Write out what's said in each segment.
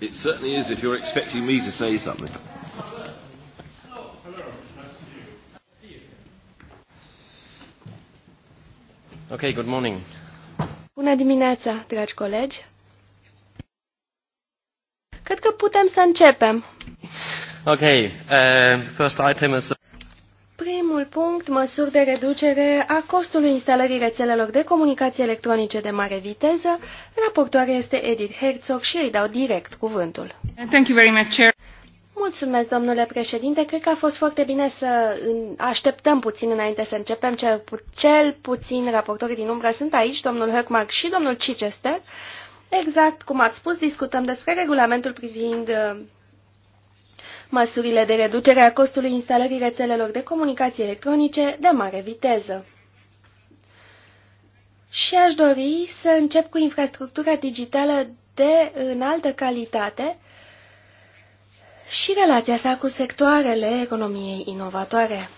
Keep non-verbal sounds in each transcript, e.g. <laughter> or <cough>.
It certainly is if you're expecting me to say something. Okay, good morning. Bună dimineața, dragi colegi. Cred că putem să începem. Okay, uh, first item is A Ultimul punct, măsuri de reducere a costului instalării rețelelor de comunicații electronice de mare viteză. Raportoarea este Edith Herzog și îi dau direct cuvântul. Thank you very much, Chair. Mulțumesc, domnule președinte. Cred că a fost foarte bine să așteptăm puțin înainte să începem. Cel, pu cel puțin raportorii din umbră sunt aici, domnul Höckmark și domnul Chichester. Exact cum ați spus, discutăm despre regulamentul privind uh, măsurile de reducere a costului instalării rețelelor de comunicații electronice de mare viteză. Și aș dori să încep cu infrastructura digitală de înaltă calitate și relația sa cu sectoarele economiei inovatoare.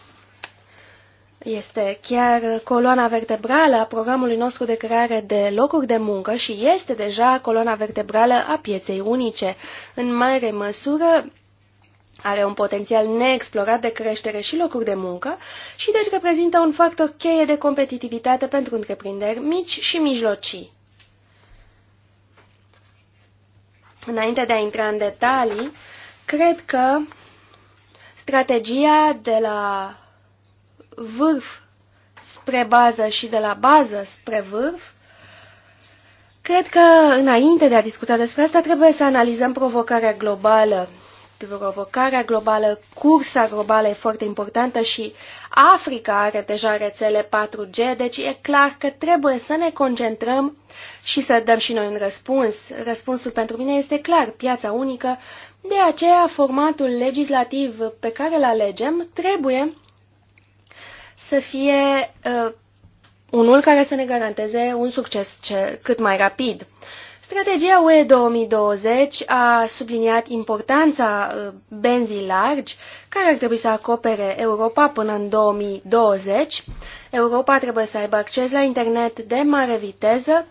Este chiar coloana vertebrală a programului nostru de creare de locuri de muncă și este deja coloana vertebrală a pieței unice. În mare măsură, are un potențial neexplorat de creștere și locuri de muncă și deci reprezintă un factor cheie de competitivitate pentru întreprinderi mici și mijlocii. Înainte de a intra în detalii, cred că strategia de la vârf spre bază și de la bază spre vârf Cred că, înainte de a discuta despre asta, trebuie să analizăm provocarea globală provocarea globală, cursa globală e foarte importantă și Africa are deja rețele 4G, deci e clar că trebuie să ne concentrăm și să dăm și noi un răspuns. Răspunsul pentru mine este clar, piața unică, de aceea formatul legislativ pe care îl alegem trebuie să fie uh, unul care să ne garanteze un succes ce, cât mai rapid. Uh, Strategia UE 2020 a subliniat importanța uh, benzii largi, care ar trebui să acopere Europa până în 2020. Europa trebuie să aibă acces la internet de mare viteză,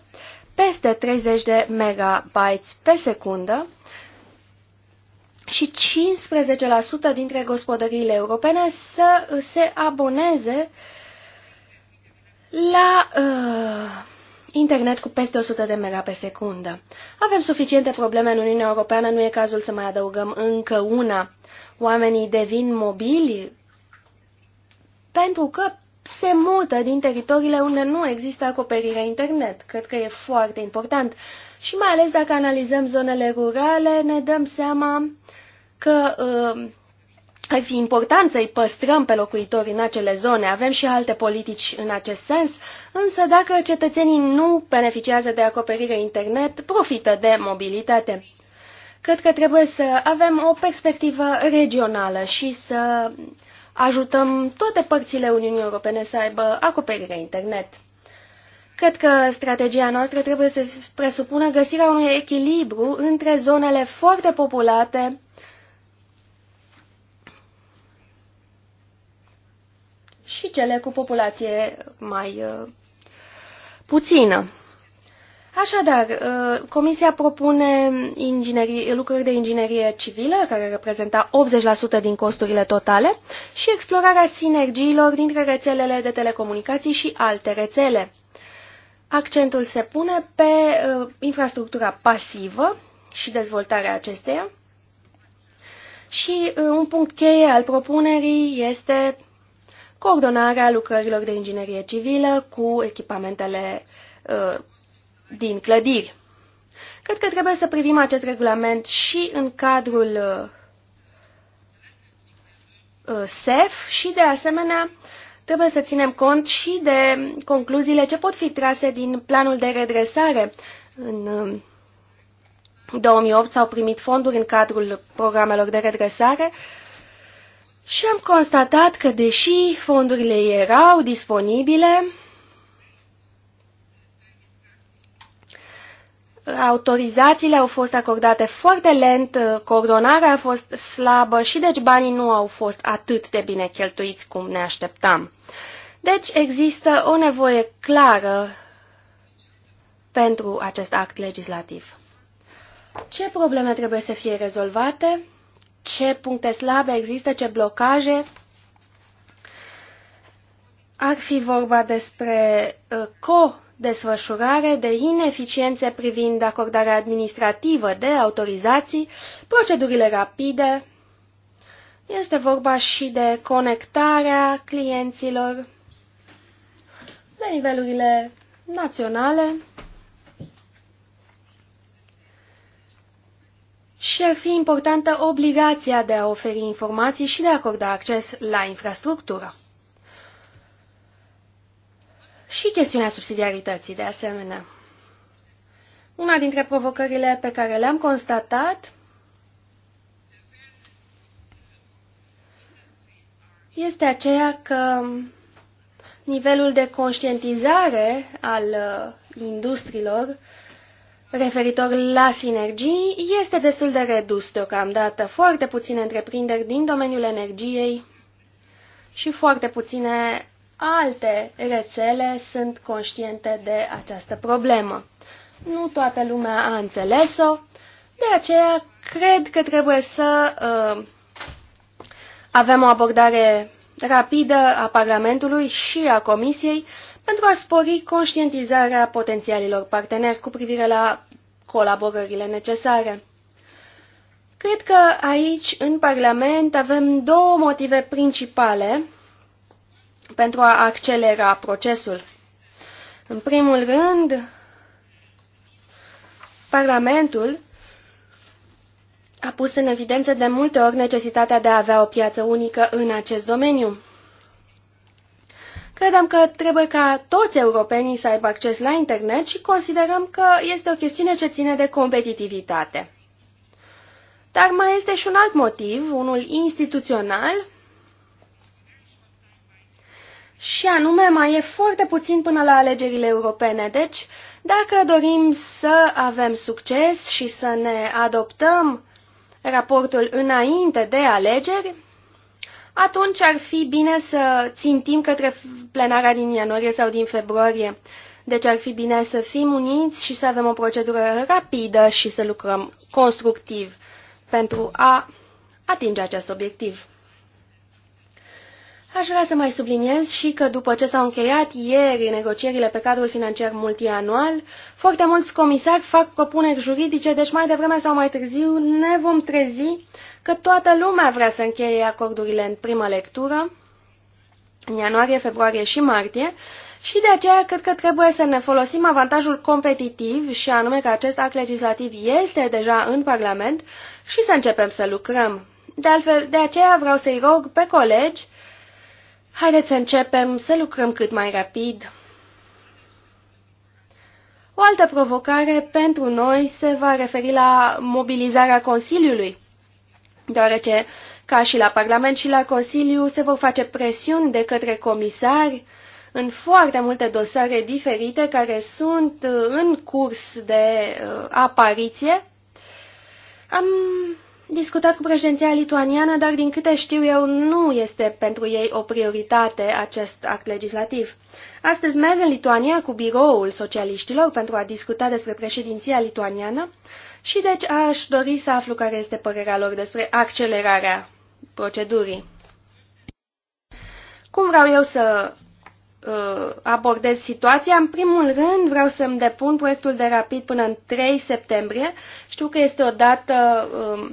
peste 30 de megabytes pe secundă, și 15% dintre gospodăriile europene să se aboneze la uh, internet cu peste 100 de mega pe secundă. Avem suficiente probleme în Uniunea Europeană, nu e cazul să mai adăugăm încă una. Oamenii devin mobili pentru că se mută din teritoriile unde nu există acoperire internet. Cred că e foarte important. Și mai ales dacă analizăm zonele rurale, ne dăm seama că uh, ar fi important să-i păstrăm pe locuitori în acele zone, avem și alte politici în acest sens, însă dacă cetățenii nu beneficiază de acoperire internet, profită de mobilitate. Cred că trebuie să avem o perspectivă regională și să ajutăm toate părțile Uniunii Europene să aibă acoperire internet. Cred că strategia noastră trebuie să presupună găsirea unui echilibru între zonele foarte populate și cele cu populație mai uh, puțină. Așadar, uh, Comisia propune inginerie, lucrări de inginerie civilă, care reprezenta 80% din costurile totale, și explorarea sinergiilor dintre rețelele de telecomunicații și alte rețele. Accentul se pune pe uh, infrastructura pasivă și dezvoltarea acesteia. Și uh, un punct cheie al propunerii este coordonarea lucrărilor de inginerie civilă cu echipamentele uh, din clădiri. Cred că trebuie să privim acest regulament și în cadrul uh, ă, ă, SEF și, de asemenea, trebuie să ținem cont și de concluziile ce pot fi trase din planul de redresare. În uh, 2008 s-au primit fonduri în cadrul programelor de redresare și am constatat că, deși fondurile erau disponibile, autorizațiile au fost acordate foarte lent, coordonarea a fost slabă și deci banii nu au fost atât de bine cheltuiți cum ne așteptam. Deci există o nevoie clară pentru acest act legislativ. Ce probleme trebuie să fie rezolvate? ce puncte slabe există, ce blocaje. Ar fi vorba despre uh, co-desfășurare de ineficiențe privind acordarea administrativă de autorizații, procedurile rapide, este vorba și de conectarea clienților la nivelurile naționale și ar fi importantă obligația de a oferi informații și de a acorda acces la infrastructură. Și chestiunea subsidiarității, de asemenea. Una dintre provocările pe care le-am constatat este aceea că nivelul de conștientizare al uh, industriilor referitor la sinergii este destul de redus deocamdată. Foarte puține întreprinderi din domeniul energiei și foarte puține alte rețele sunt conștiente de această problemă. Nu toată lumea a înțeles-o, de aceea cred că trebuie să uh, avem o abordare rapidă a Parlamentului și a Comisiei uh, pentru a spori conștientizarea potențialilor parteneri cu privire la colaborările necesare. Cred că aici, în Parlament, avem două motive principale pentru a accelera procesul. În primul rând, Parlamentul a pus în evidență de multe ori necesitatea de a avea o piață unică în acest domeniu. Credem că trebuie ca toți europenii să aibă acces la internet și considerăm că este o chestiune ce ține de competitivitate. Dar mai este și un alt motiv, unul instituțional, și anume mai e foarte puțin până la alegerile europene, deci dacă dorim să avem succes și să ne adoptăm raportul înainte de alegeri, atunci ar fi bine să țintim către plenara din ianuarie sau din februarie. Deci ar fi bine să fim uniți și să avem o procedură rapidă și să lucrăm constructiv pentru a atinge acest obiectiv. Aș vrea să mai subliniez și că după ce s-au încheiat ieri negocierile pe cadrul financiar multianual, foarte mulți comisari fac propuneri juridice, deci mai devreme sau mai târziu ne vom trezi că toată lumea vrea să încheie acordurile în prima lectură, în ianuarie, februarie și martie, și de aceea cred că trebuie să ne folosim avantajul competitiv și anume că acest act legislativ este deja în Parlament și să începem să lucrăm. De altfel, de aceea vreau să-i rog pe colegi Haideți să începem să lucrăm cât mai rapid. O altă provocare pentru noi se va referi la mobilizarea Consiliului, deoarece, ca și la Parlament și la Consiliu, se vor face presiuni de către comisari în foarte multe dosare diferite care sunt în curs de uh, apariție. Am discutat cu președinția lituaniană, dar din câte știu eu, nu este pentru ei o prioritate acest act legislativ. Astăzi merg în Lituania cu biroul socialiștilor pentru a discuta despre președinția lituaniană și deci aș dori să aflu care este părerea lor despre accelerarea procedurii. Cum vreau eu să uh, abordez situația. În primul rând vreau să-mi depun proiectul de rapid până în 3 septembrie. Știu că este o dată Uh,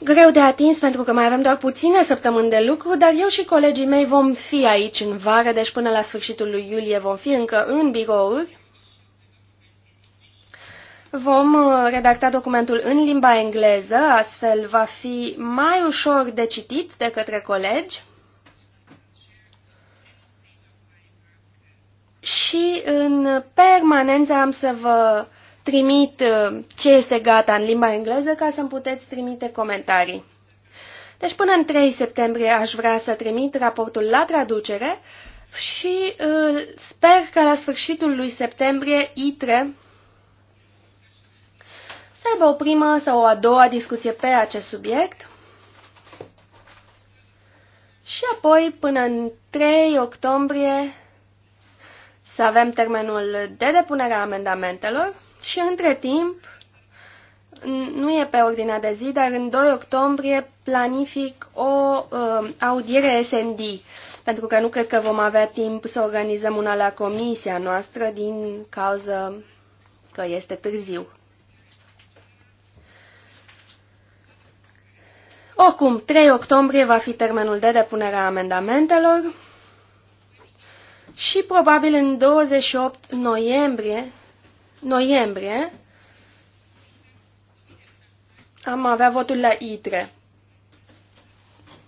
greu de atins pentru că mai avem doar puține săptămâni de lucru, dar eu și colegii mei vom fi aici în vară, deci până la sfârșitul lui iulie vom fi încă în birouri. Vom uh, redacta documentul în limba engleză, astfel va fi mai ușor de citit de către colegi. Și în permanență am să vă trimit uh, ce este gata în limba engleză ca să-mi puteți trimite comentarii. Deci până în 3 septembrie aș vrea să trimit raportul la traducere și uh, sper că la sfârșitul lui septembrie ITRE să aibă o primă sau o a doua discuție pe acest subiect. Și apoi, până în 3 octombrie, să avem termenul de depunere a amendamentelor și între timp, nu e pe ordinea de zi, dar în 2 octombrie planific o uh, audiere SND, pentru că nu cred că vom avea timp să organizăm una la comisia noastră din cauza că este târziu. Oricum, 3 octombrie va fi termenul de depunere a amendamentelor și probabil în 28 noiembrie noiembrie am avea votul la ITRE.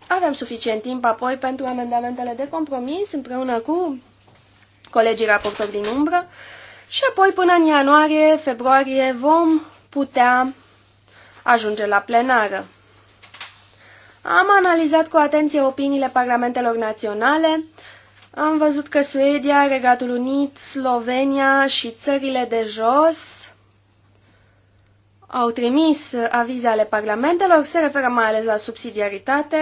Avem suficient timp apoi pentru amendamentele de compromis împreună cu colegii raportori din umbră și apoi până în ianuarie, februarie vom putea ajunge la plenară. Am analizat cu atenție opiniile parlamentelor naționale am văzut că Suedia, Regatul Unit, Slovenia și țările de jos au trimis avize ale parlamentelor, se referă mai ales la subsidiaritate.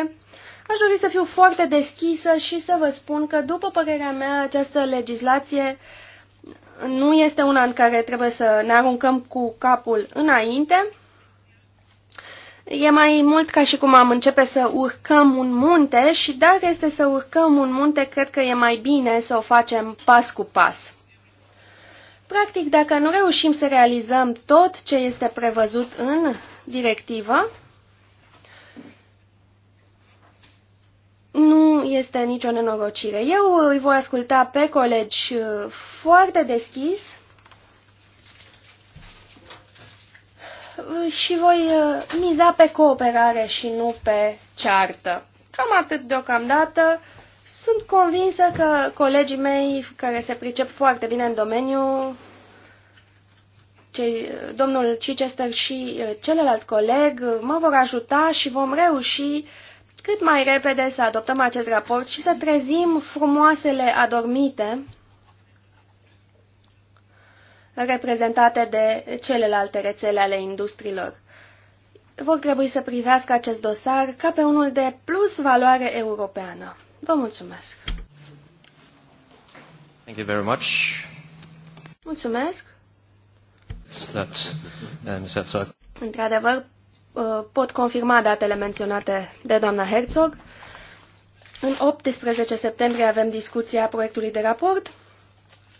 Aș dori să fiu foarte deschisă și să vă spun că, după părerea mea, această legislație nu este una în care trebuie să ne aruncăm cu capul înainte. E mai mult ca și cum am începe să urcăm un munte și dacă este să urcăm un munte, cred că e mai bine să o facem pas cu pas. Practic, dacă nu reușim să realizăm tot ce este prevăzut în directivă, nu este nicio nenorocire. Eu îi voi asculta pe colegi uh, foarte deschis Uh, și voi uh, miza pe cooperare și nu pe ceartă. Cam atât deocamdată. Sunt convinsă că colegii mei care se pricep foarte bine în domeniu, cei, uh, domnul Chichester și celălalt coleg, mă vor ajuta și vom reuși cât mai repede să adoptăm acest raport și să trezim frumoasele adormite reprezentate de celelalte rețele ale industriilor. Vor trebui să privească acest dosar ca pe unul de plus valoare europeană. Vă mulțumesc! Thank you very much. Mulțumesc! Uh, Într-adevăr, uh, pot confirma datele menționate de doamna Herzog. În 18 septembrie avem discuția proiectului de raport.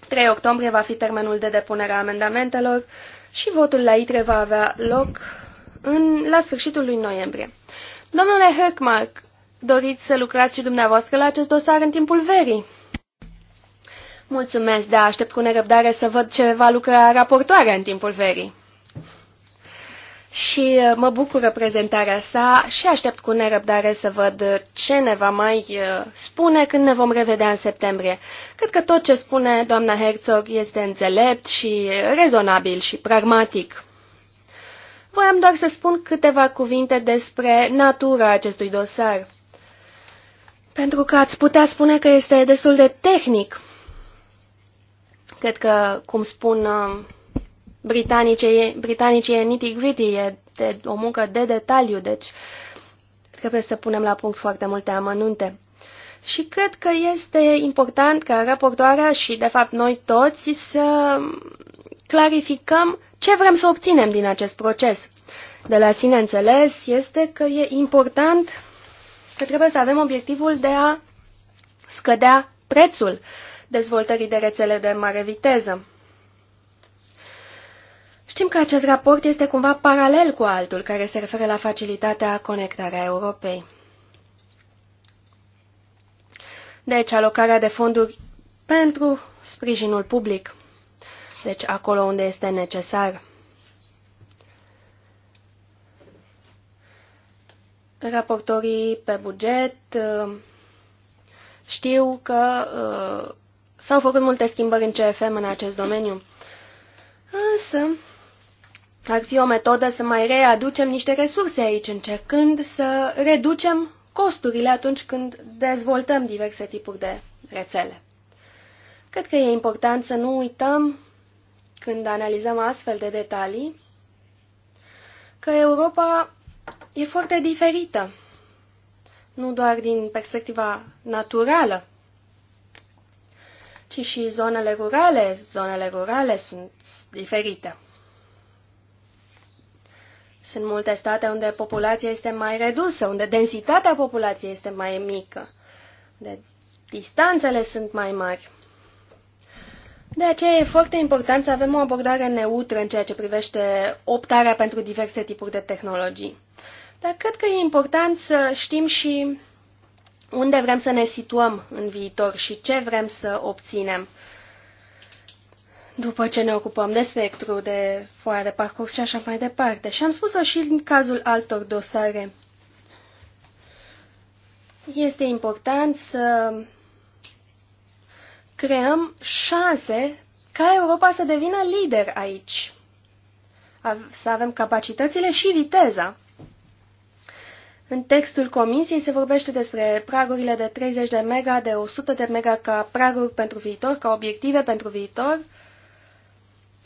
3 octombrie va fi termenul de depunere a amendamentelor și votul la ITRE va avea loc în, la sfârșitul lui noiembrie. Domnule Höckmark, doriți să lucrați și dumneavoastră la acest dosar în timpul verii? Mulțumesc, da, aștept cu nerăbdare să văd ce va lucra raportoarea în timpul verii și uh, mă bucură prezentarea sa și aștept cu nerăbdare să văd ce ne va mai uh, spune când ne vom revedea în septembrie. Cred că tot ce spune doamna Herzog este înțelept și rezonabil și pragmatic. Voiam doar să spun câteva cuvinte despre natura acestui dosar. Pentru că ați putea spune că este destul de tehnic. Cred că, cum spun uh, britanicii, britanicii e nitty-gritty, e de, o muncă de detaliu, deci trebuie să punem la punct foarte multe amănunte. Și cred că este important ca raportoarea și, de fapt, noi toți să clarificăm ce vrem să obținem din acest proces. De la sine înțeles este că e important că trebuie să avem obiectivul de a scădea prețul dezvoltării de rețele de mare viteză. Știm că acest raport este cumva paralel cu altul care se referă la facilitatea conectarea Europei. Deci, alocarea de fonduri pentru sprijinul public. Deci, acolo unde este necesar. Raportorii pe buget uh, știu că uh, s-au făcut multe schimbări în CFM în acest domeniu. Însă, ar fi o metodă să mai readucem niște resurse aici, încercând să reducem costurile atunci când dezvoltăm diverse tipuri de rețele. Cred că e important să nu uităm, când analizăm astfel de detalii, că Europa e foarte diferită, nu doar din perspectiva naturală, ci și zonele rurale. Zonele rurale sunt diferite. Sunt multe state unde populația este mai redusă, unde densitatea populației este mai mică, unde distanțele sunt mai mari. De aceea e foarte important să avem o abordare neutră în ceea ce privește optarea pentru diverse tipuri de tehnologii. Dar cred că e important să știm și unde vrem să ne situăm în viitor și ce vrem să obținem după ce ne ocupăm de spectru, de foaia de parcurs și așa mai departe. Și am spus-o și în cazul altor dosare. Este important să creăm șanse ca Europa să devină lider aici. Să avem capacitățile și viteza. În textul comisiei se vorbește despre pragurile de 30 de mega, de 100 de mega ca praguri pentru viitor, ca obiective pentru viitor,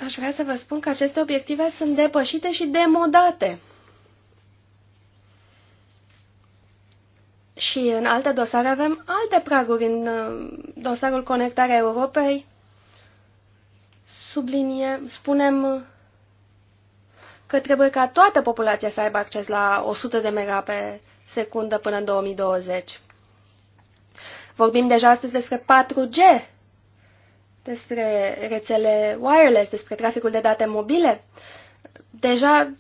Aș vrea să vă spun că aceste obiective sunt depășite și demodate. Și în alte dosare avem alte praguri. În uh, dosarul Conectarea Europei subliniem, spunem că trebuie ca toată populația să aibă acces la 100 de mega pe secundă până în 2020. Vorbim deja astăzi despre 4G, despre rețele wireless, despre traficul de date mobile, deja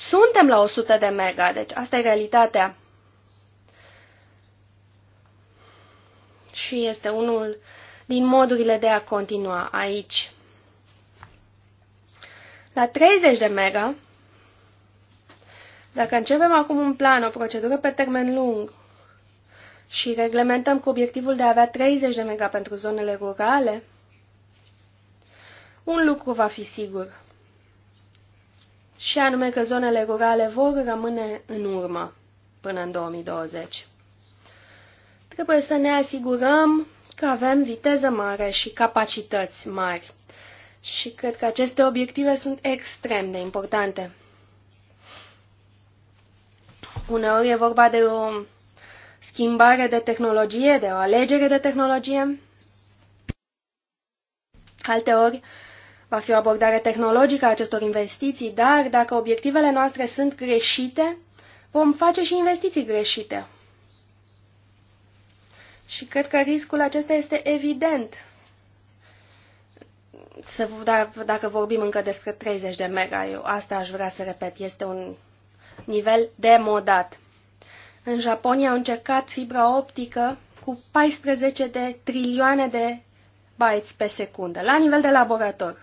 suntem la 100 de mega, deci asta e realitatea. Și este unul din modurile de a continua aici. La 30 de mega, dacă începem acum un plan, o procedură pe termen lung, și reglementăm cu obiectivul de a avea 30 de mega pentru zonele rurale, un lucru va fi sigur, și anume că zonele rurale vor rămâne în urmă până în 2020. Trebuie să ne asigurăm că avem viteză mare și capacități mari. Și cred că aceste obiective sunt extrem de importante. Uneori e vorba de o schimbare de tehnologie, de o alegere de tehnologie. Alteori, va fi o abordare tehnologică a acestor investiții, dar dacă obiectivele noastre sunt greșite, vom face și investiții greșite. Și cred că riscul acesta este evident. Să, dar, dacă vorbim încă despre 30 de mega, eu asta aș vrea să repet, este un nivel demodat. În Japonia au încercat fibra optică cu 14 de trilioane de bytes pe secundă, la nivel de laborator.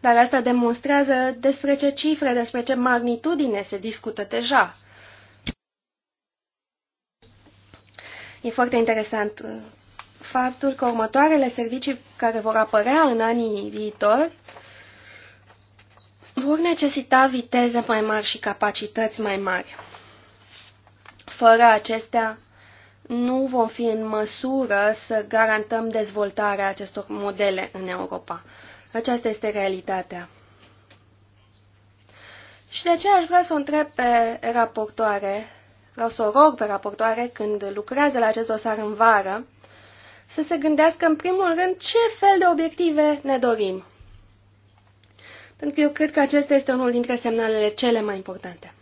Dar asta demonstrează despre ce cifre, despre ce magnitudine se discută deja. E foarte interesant uh, faptul că următoarele servicii care vor apărea în anii viitori vor necesita viteze mai mari și capacități mai mari. Fără acestea, nu vom fi în măsură să garantăm dezvoltarea acestor modele în Europa. Aceasta este realitatea. Și de aceea aș vrea să o întreb pe raportoare, vreau să o rog pe raportoare când lucrează la acest dosar în vară, să se gândească în primul rând ce fel de obiective ne dorim. Pentru că eu cred că acesta este unul dintre semnalele cele mai importante.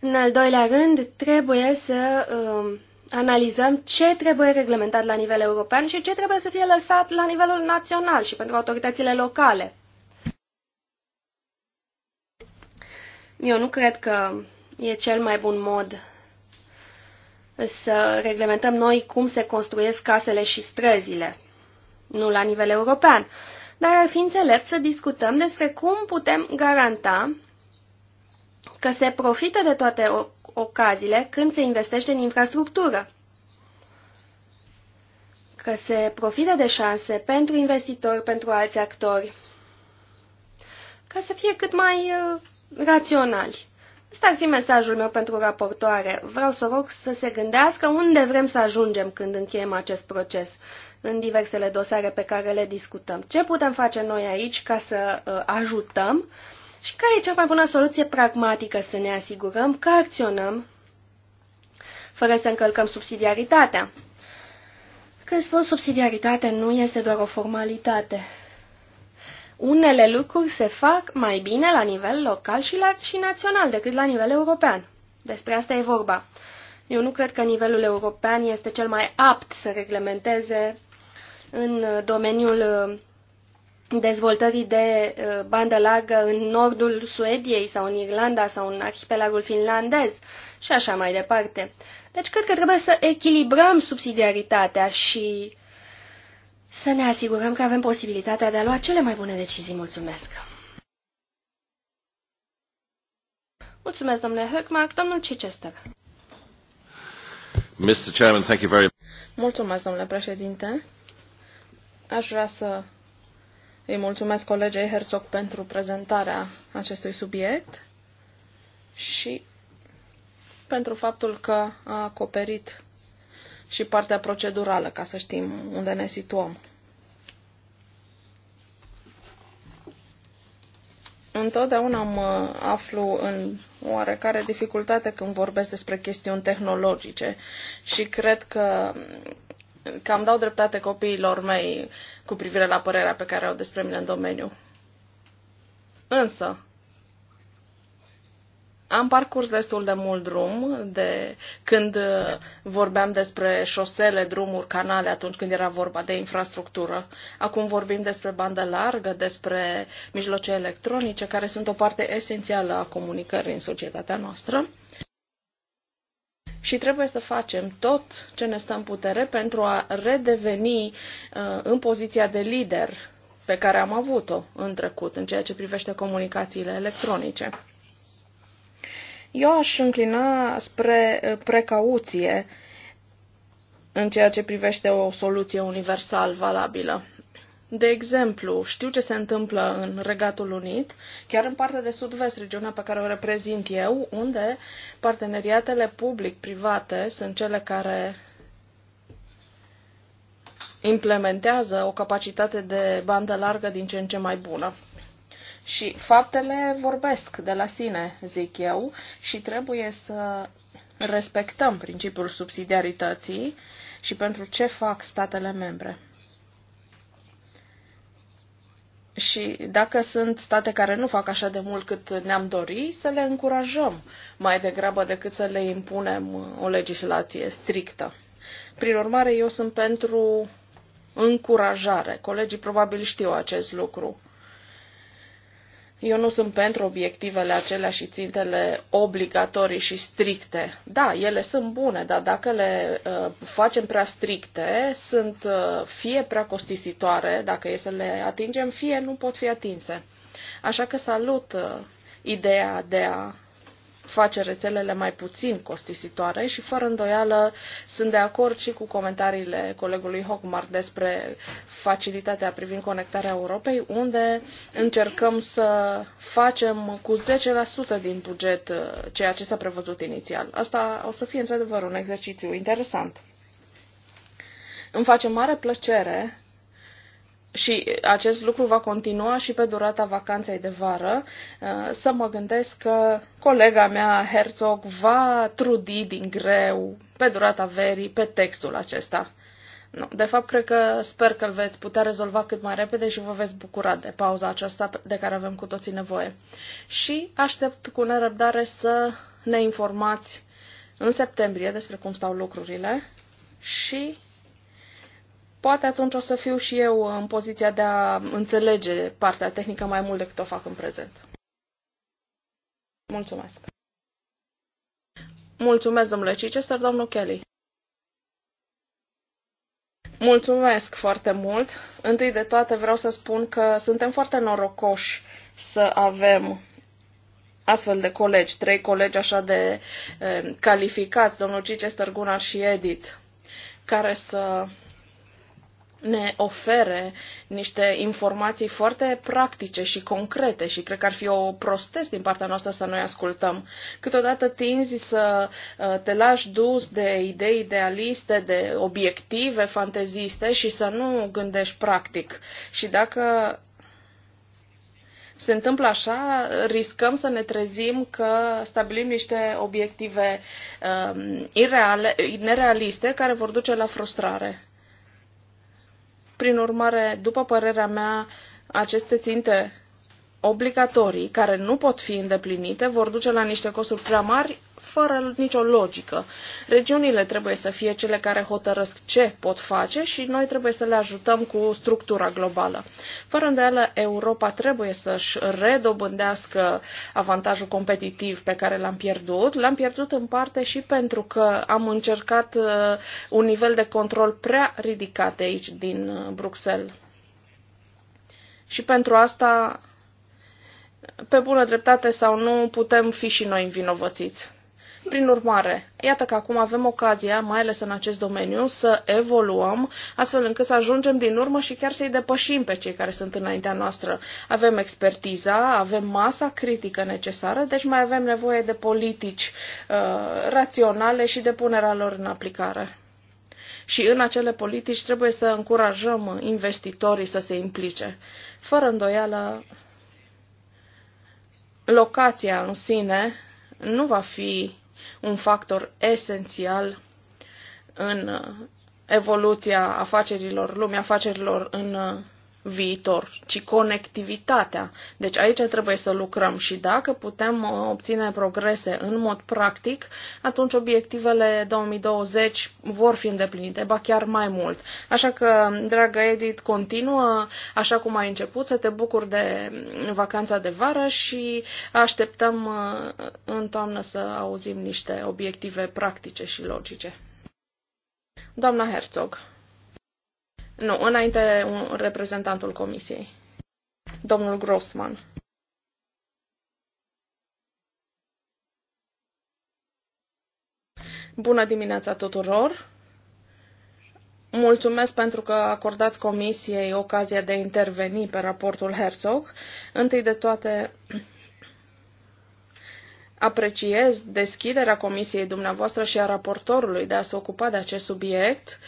În al doilea rând, trebuie să uh, analizăm ce trebuie reglementat la nivel european și ce trebuie să fie lăsat la nivelul național și pentru autoritățile locale. Eu nu cred că e cel mai bun mod să reglementăm noi cum se construiesc casele și străzile, nu la nivel european, dar ar fi înțelept să discutăm despre cum putem garanta că se profită de toate ocaziile când se investește în infrastructură, că se profită de șanse pentru investitori, pentru alți actori, ca să fie cât mai uh, raționali. Asta ar fi mesajul meu pentru raportoare. Vreau să rog să se gândească unde vrem să ajungem când încheiem acest proces în diversele dosare pe care le discutăm. Ce putem face noi aici ca să uh, ajutăm și care e cea mai bună soluție pragmatică să ne asigurăm că acționăm fără să încălcăm subsidiaritatea. Când spun subsidiaritate, nu este doar o formalitate. Unele lucruri se fac mai bine la nivel local și, la, și național decât la nivel european. Despre asta e vorba. Eu nu cred că nivelul european este cel mai apt să reglementeze în domeniul dezvoltării de uh, bandă largă în nordul Suediei sau în Irlanda sau în arhipelagul finlandez și așa mai departe. Deci cred că trebuie să echilibrăm subsidiaritatea și să ne asigurăm că avem posibilitatea de a lua cele mai bune decizii. Mulțumesc! Mulțumesc, domnule Höckmark. Domnul Chichester. Mr. Chairman, thank you very much. Mulțumesc, domnule președinte. Aș vrea să îi mulțumesc colegei Herzog pentru prezentarea acestui subiect și pentru faptul că a acoperit și partea procedurală, ca să știm unde ne situăm. Întotdeauna mă aflu în oarecare dificultate când vorbesc despre chestiuni tehnologice și cred că că am dau dreptate copiilor mei cu privire la părerea pe care au despre mine în domeniu. Însă, am parcurs destul de mult drum de când vorbeam despre șosele, drumuri, canale atunci când era vorba de infrastructură. Acum vorbim despre bandă largă, despre mijloace electronice care sunt o parte esențială a comunicării în societatea noastră și trebuie să facem tot ce ne stă în putere pentru a redeveni uh, în poziția de lider pe care am avut-o în trecut în ceea ce privește comunicațiile electronice. Eu aș înclina spre uh, precauție în ceea ce privește o soluție universal valabilă. De exemplu, știu ce se întâmplă în Regatul Unit, chiar în partea de sud-vest, regiunea pe care o reprezint eu, unde parteneriatele public-private sunt cele care implementează o capacitate de bandă largă din ce în ce mai bună. Și faptele vorbesc de la sine, zic eu, și trebuie să respectăm principiul subsidiarității și pentru ce fac statele membre. Și dacă sunt state care nu fac așa de mult cât ne-am dori, să le încurajăm mai degrabă decât să le impunem o legislație strictă. Prin urmare, eu sunt pentru încurajare. Colegii probabil știu acest lucru. Eu nu sunt pentru obiectivele acelea și țintele obligatorii și stricte. Da, ele sunt bune, dar dacă le uh, facem prea stricte, sunt uh, fie prea costisitoare, dacă e să le atingem, fie nu pot fi atinse. Așa că salut uh, ideea de a face rețelele mai puțin costisitoare și fără îndoială sunt de acord și cu comentariile colegului Hockmar despre facilitatea privind conectarea Europei, unde încercăm să facem cu 10% din buget uh, ceea ce s-a prevăzut inițial. Asta o să fie într-adevăr un exercițiu interesant. Îmi face mare plăcere și acest lucru va continua și pe durata vacanței de vară, uh, să mă gândesc că colega mea, Herzog, va trudi din greu pe durata verii pe textul acesta. Nu. De fapt, cred că sper că îl veți putea rezolva cât mai repede și vă veți bucura de pauza aceasta de care avem cu toții nevoie. Și aștept cu nerăbdare să ne informați în septembrie despre cum stau lucrurile și Poate atunci o să fiu și eu în poziția de a înțelege partea tehnică mai mult decât o fac în prezent. Mulțumesc. Mulțumesc, domnule Chichester, domnul Kelly. Mulțumesc foarte mult. Întâi de toate vreau să spun că suntem foarte norocoși să avem astfel de colegi, trei colegi așa de eh, calificați, domnul Chichester, Gunnar și Edith, care să ne ofere niște informații foarte practice și concrete și cred că ar fi o prostesc din partea noastră să noi ascultăm. Câteodată tinzi să uh, te lași dus de idei idealiste, de obiective fanteziste și să nu gândești practic. Și dacă se întâmplă așa, riscăm să ne trezim că stabilim niște obiective um, ireale, nerealiste care vor duce la frustrare. Prin urmare, după părerea mea, aceste ținte obligatorii, care nu pot fi îndeplinite, vor duce la niște costuri prea mari fără nicio logică. Regiunile trebuie să fie cele care hotărăsc ce pot face și noi trebuie să le ajutăm cu structura globală. Fără îndoială, Europa trebuie să-și redobândească avantajul competitiv pe care l-am pierdut. L-am pierdut în parte și pentru că am încercat uh, un nivel de control prea ridicat aici, din uh, Bruxelles. Și pentru asta pe bună dreptate sau nu, putem fi și noi învinovățiți. Prin urmare, iată că acum avem ocazia, mai ales în acest domeniu, să evoluăm astfel încât să ajungem din urmă și chiar să-i depășim pe cei care sunt înaintea noastră. Avem expertiza, avem masa critică necesară, deci mai avem nevoie de politici uh, raționale și de punerea lor în aplicare. Și în acele politici trebuie să încurajăm investitorii să se implice. Fără îndoială, locația în sine nu va fi un factor esențial în uh, evoluția afacerilor, lumea afacerilor în uh, viitor, ci conectivitatea. Deci aici trebuie să lucrăm și dacă putem uh, obține progrese în mod practic, atunci obiectivele 2020 vor fi îndeplinite, ba chiar mai mult. Așa că, dragă Edith, continuă așa cum ai început, să te bucuri de vacanța de vară și așteptăm uh, în toamnă să auzim niște obiective practice și logice. Doamna Herzog. Nu, înainte un, reprezentantul comisiei. Domnul Grossman. Bună dimineața tuturor! Mulțumesc pentru că acordați comisiei ocazia de a interveni pe raportul Herzog. Întâi de toate, apreciez deschiderea comisiei dumneavoastră și a raportorului de a se ocupa de acest subiect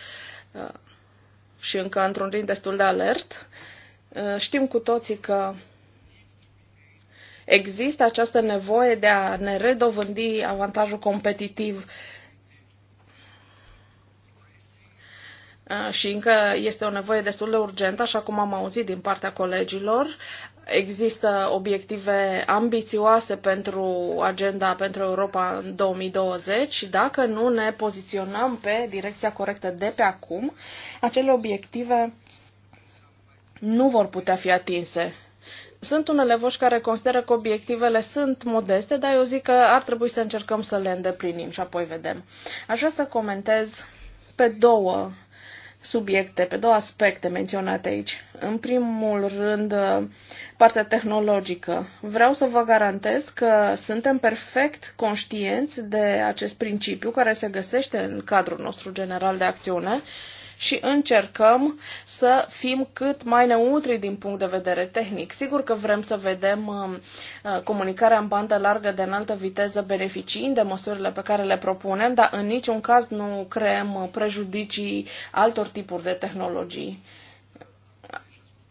și încă într-un ritm destul de alert. Uh, știm cu toții că există această nevoie de a ne redovândi avantajul competitiv și încă este o nevoie destul de urgentă, așa cum am auzit din partea colegilor. Există obiective ambițioase pentru agenda pentru Europa în 2020 și dacă nu ne poziționăm pe direcția corectă de pe acum, acele obiective nu vor putea fi atinse. Sunt unele voci care consideră că obiectivele sunt modeste, dar eu zic că ar trebui să încercăm să le îndeplinim și apoi vedem. Aș vrea să comentez pe două subiecte, pe două aspecte menționate aici. În primul rând, uh, partea tehnologică. Vreau să vă garantez că suntem perfect conștienți de acest principiu care se găsește în cadrul nostru general de acțiune și încercăm să fim cât mai neutri din punct de vedere tehnic. Sigur că vrem să vedem uh, uh, comunicarea în bandă largă de înaltă viteză beneficiind de măsurile pe care le propunem, dar în niciun caz nu creăm uh, prejudicii altor tipuri de tehnologii.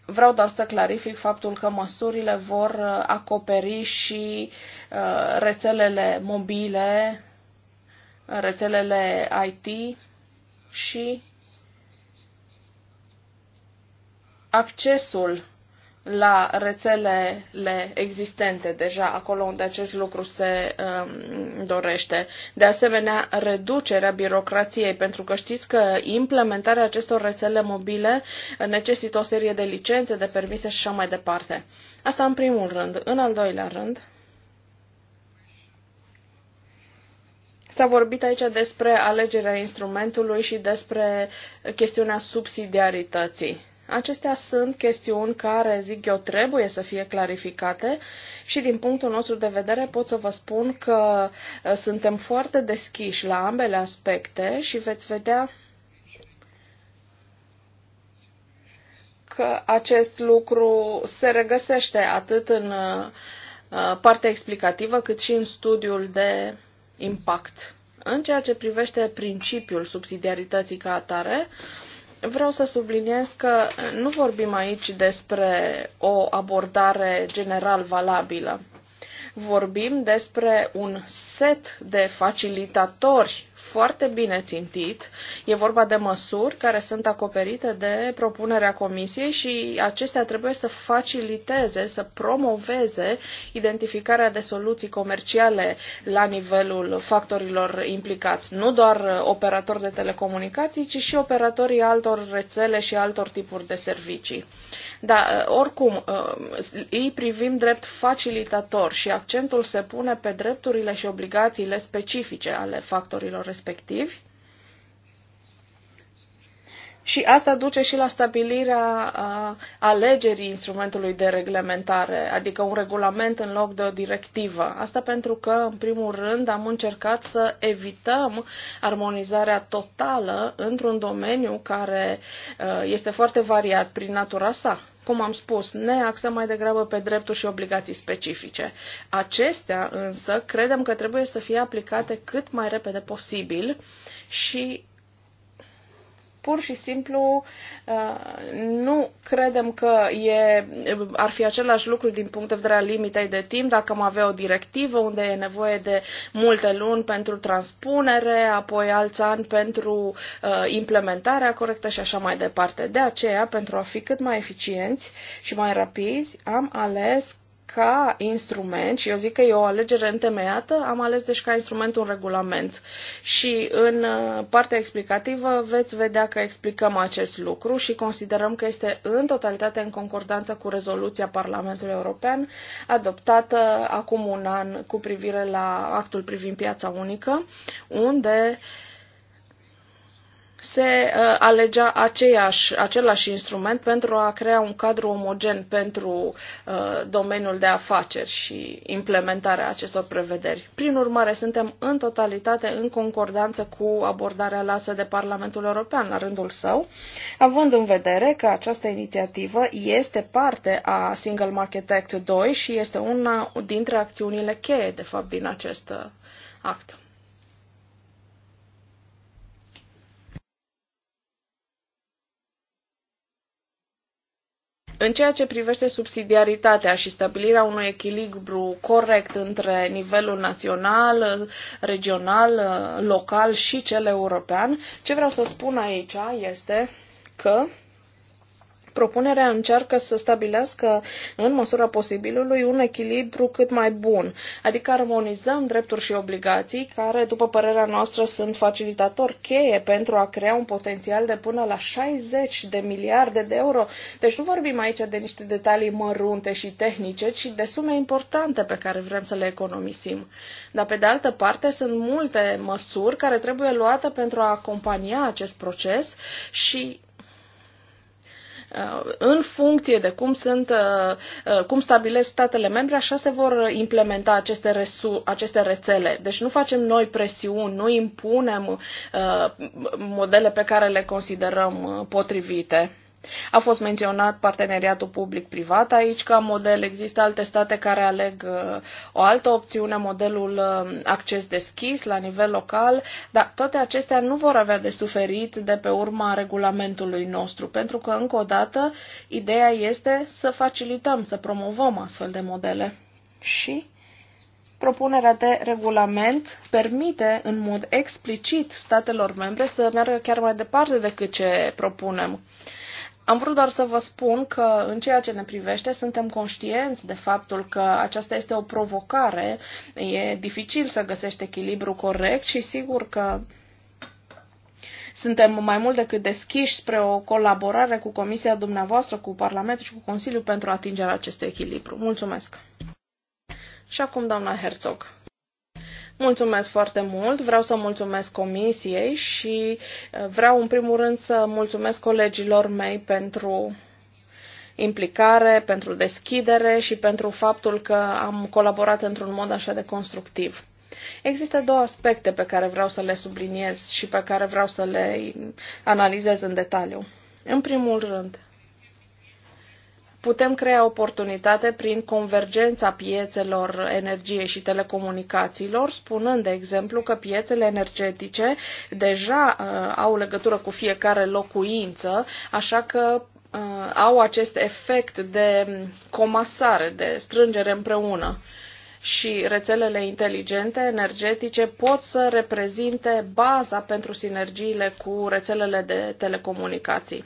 Vreau doar să clarific faptul că măsurile vor acoperi și rețelele mobile, rețelele IT și accesul la rețelele existente deja acolo unde acest lucru se um, dorește. De asemenea, reducerea birocrației, pentru că știți că implementarea acestor rețele mobile necesită o serie de licențe, de permise și așa mai departe. Asta în primul rând. În al doilea rând, S-a vorbit aici despre alegerea instrumentului și despre chestiunea subsidiarității. Acestea sunt chestiuni care, zic eu, trebuie să fie clarificate și din punctul nostru de vedere pot să vă spun că uh, suntem foarte deschiși la ambele aspecte și veți vedea că acest lucru se regăsește atât în uh, uh, partea explicativă cât și în studiul de impact. În ceea ce privește principiul subsidiarității ca atare, uh, vreau să subliniez că nu vorbim aici despre o abordare general valabilă. Vorbim despre un set de facilitatori foarte bine țintit. E vorba de măsuri care sunt acoperite de propunerea Comisiei și acestea trebuie să faciliteze, să promoveze identificarea de soluții comerciale la nivelul factorilor implicați, nu doar operatori de telecomunicații, ci și operatorii altor rețele și altor tipuri de servicii. Da, oricum, îi privim drept facilitator și accentul se pune pe drepturile și obligațiile specifice ale factorilor respectivi. Și asta duce și la stabilirea alegerii instrumentului de reglementare, adică un regulament în loc de o directivă. Asta pentru că, în primul rând, am încercat să evităm armonizarea totală într-un domeniu care este foarte variat prin natura sa. Cum am spus, ne axăm mai degrabă pe drepturi și obligații specifice. Acestea însă credem că trebuie să fie aplicate cât mai repede posibil și pur și simplu uh, nu credem că e, ar fi același lucru din punct de vedere al limitei de timp dacă am avea o directivă unde e nevoie de multe luni pentru transpunere, apoi alți ani pentru uh, implementarea corectă și așa mai departe. De aceea, pentru a fi cât mai eficienți și mai rapizi, am ales ca instrument, și eu zic că e o alegere întemeiată, am ales deci ca instrument un regulament. Și în uh, partea explicativă veți vedea că explicăm acest lucru și considerăm că este în totalitate în concordanță cu rezoluția Parlamentului European adoptată acum un an cu privire la actul privind piața unică, unde uh, se uh, alegea aceeași, același instrument pentru a crea un cadru omogen pentru uh, domeniul de afaceri și implementarea acestor prevederi. Prin urmare, suntem în totalitate în concordanță cu abordarea lasă de Parlamentul European la rândul său, având în vedere că această inițiativă este parte a Single Market Act 2 și este una dintre acțiunile cheie, de fapt, din acest uh, act. În ceea ce privește subsidiaritatea și stabilirea unui echilibru corect între nivelul național, regional, local și cel european, ce vreau să spun aici este că Propunerea încearcă să stabilească, în măsura posibilului, un echilibru cât mai bun, adică armonizăm drepturi și obligații care, după părerea noastră, sunt facilitator cheie pentru a crea un potențial de până la 60 de miliarde de euro. Deci nu vorbim aici de niște detalii mărunte și tehnice, ci de sume importante pe care vrem să le economisim. Dar, pe de altă parte, sunt multe măsuri care trebuie luate pentru a acompania acest proces și Uh, în funcție de cum, sunt, uh, uh, cum stabilesc statele membre, așa se vor implementa aceste, resu- aceste rețele. Deci nu facem noi presiuni, nu impunem modele pe care le considerăm potrivite. A fost menționat parteneriatul public-privat aici ca model. Există alte state care aleg uh, o altă opțiune, modelul uh, acces deschis la nivel local, dar toate acestea nu vor avea de suferit de pe urma regulamentului nostru, pentru că, încă o dată, ideea este să facilităm, să promovăm astfel de modele. Și propunerea de regulament permite în mod explicit statelor membre să meargă chiar mai departe decât ce propunem. Am vrut doar să vă spun că, în ceea ce ne privește, suntem conștienți de faptul că aceasta este o provocare, e dificil să găsești echilibru corect și sigur că suntem mai mult decât deschiși spre o colaborare cu Comisia dumneavoastră, cu Parlamentul și cu Consiliul pentru atingerea acestui echilibru. Mulțumesc! Și acum, doamna Herzog. Mulțumesc foarte mult, vreau să mulțumesc comisiei și uh, vreau în primul rând să mulțumesc colegilor mei pentru implicare, pentru deschidere și pentru faptul că am colaborat într-un mod așa de constructiv. Există două aspecte pe care vreau să le subliniez și pe care vreau să le analizez în detaliu. În primul rând, putem crea oportunitate prin convergența piețelor energiei și telecomunicațiilor, spunând, de exemplu, că piețele energetice deja uh, au legătură cu fiecare locuință, așa că uh, au acest efect de comasare, de strângere împreună și rețelele inteligente energetice pot să reprezinte baza pentru sinergiile cu rețelele de telecomunicații.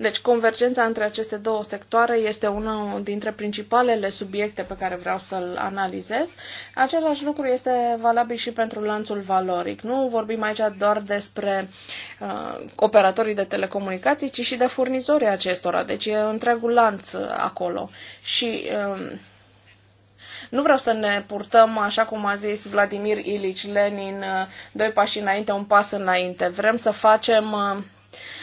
Deci, convergența între aceste două sectoare este una dintre principalele subiecte pe care vreau să-l analizez. Același lucru este valabil și pentru lanțul valoric. Nu vorbim aici doar despre uh, operatorii de telecomunicații, ci și de furnizorii acestora. Deci, e întregul lanț acolo. Și uh, nu vreau să ne purtăm, așa cum a zis Vladimir Ilici Lenin, uh, doi pași înainte, un pas înainte. Vrem să facem... Uh,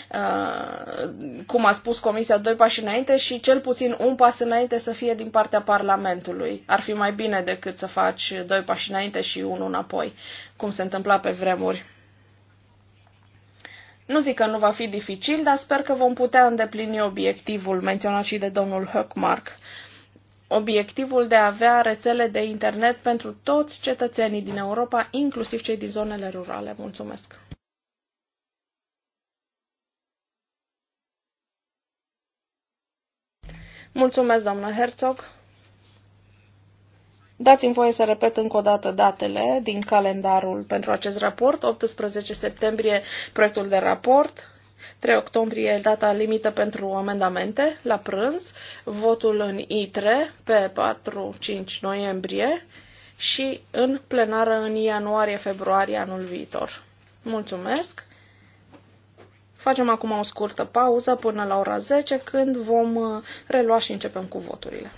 Uh, cum a spus Comisia, doi pași înainte și cel puțin un pas înainte să fie din partea Parlamentului. Ar fi mai bine decât să faci doi pași înainte și unul înapoi, cum se întâmpla pe vremuri. Nu zic că nu va fi dificil, dar sper că vom putea îndeplini obiectivul menționat și de domnul Huckmark. Obiectivul de a avea rețele de internet pentru toți cetățenii din Europa, inclusiv cei din zonele rurale. Mulțumesc! Mulțumesc, doamnă Herzog. Dați-mi voie să repet încă o dată datele din calendarul pentru acest raport. 18 septembrie proiectul de raport, 3 octombrie data limită pentru amendamente la prânz, votul în ITRE pe 4-5 noiembrie și în plenară în ianuarie-februarie anul viitor. Mulțumesc! Facem acum o scurtă pauză până la ora 10, când vom uh, relua și începem cu voturile.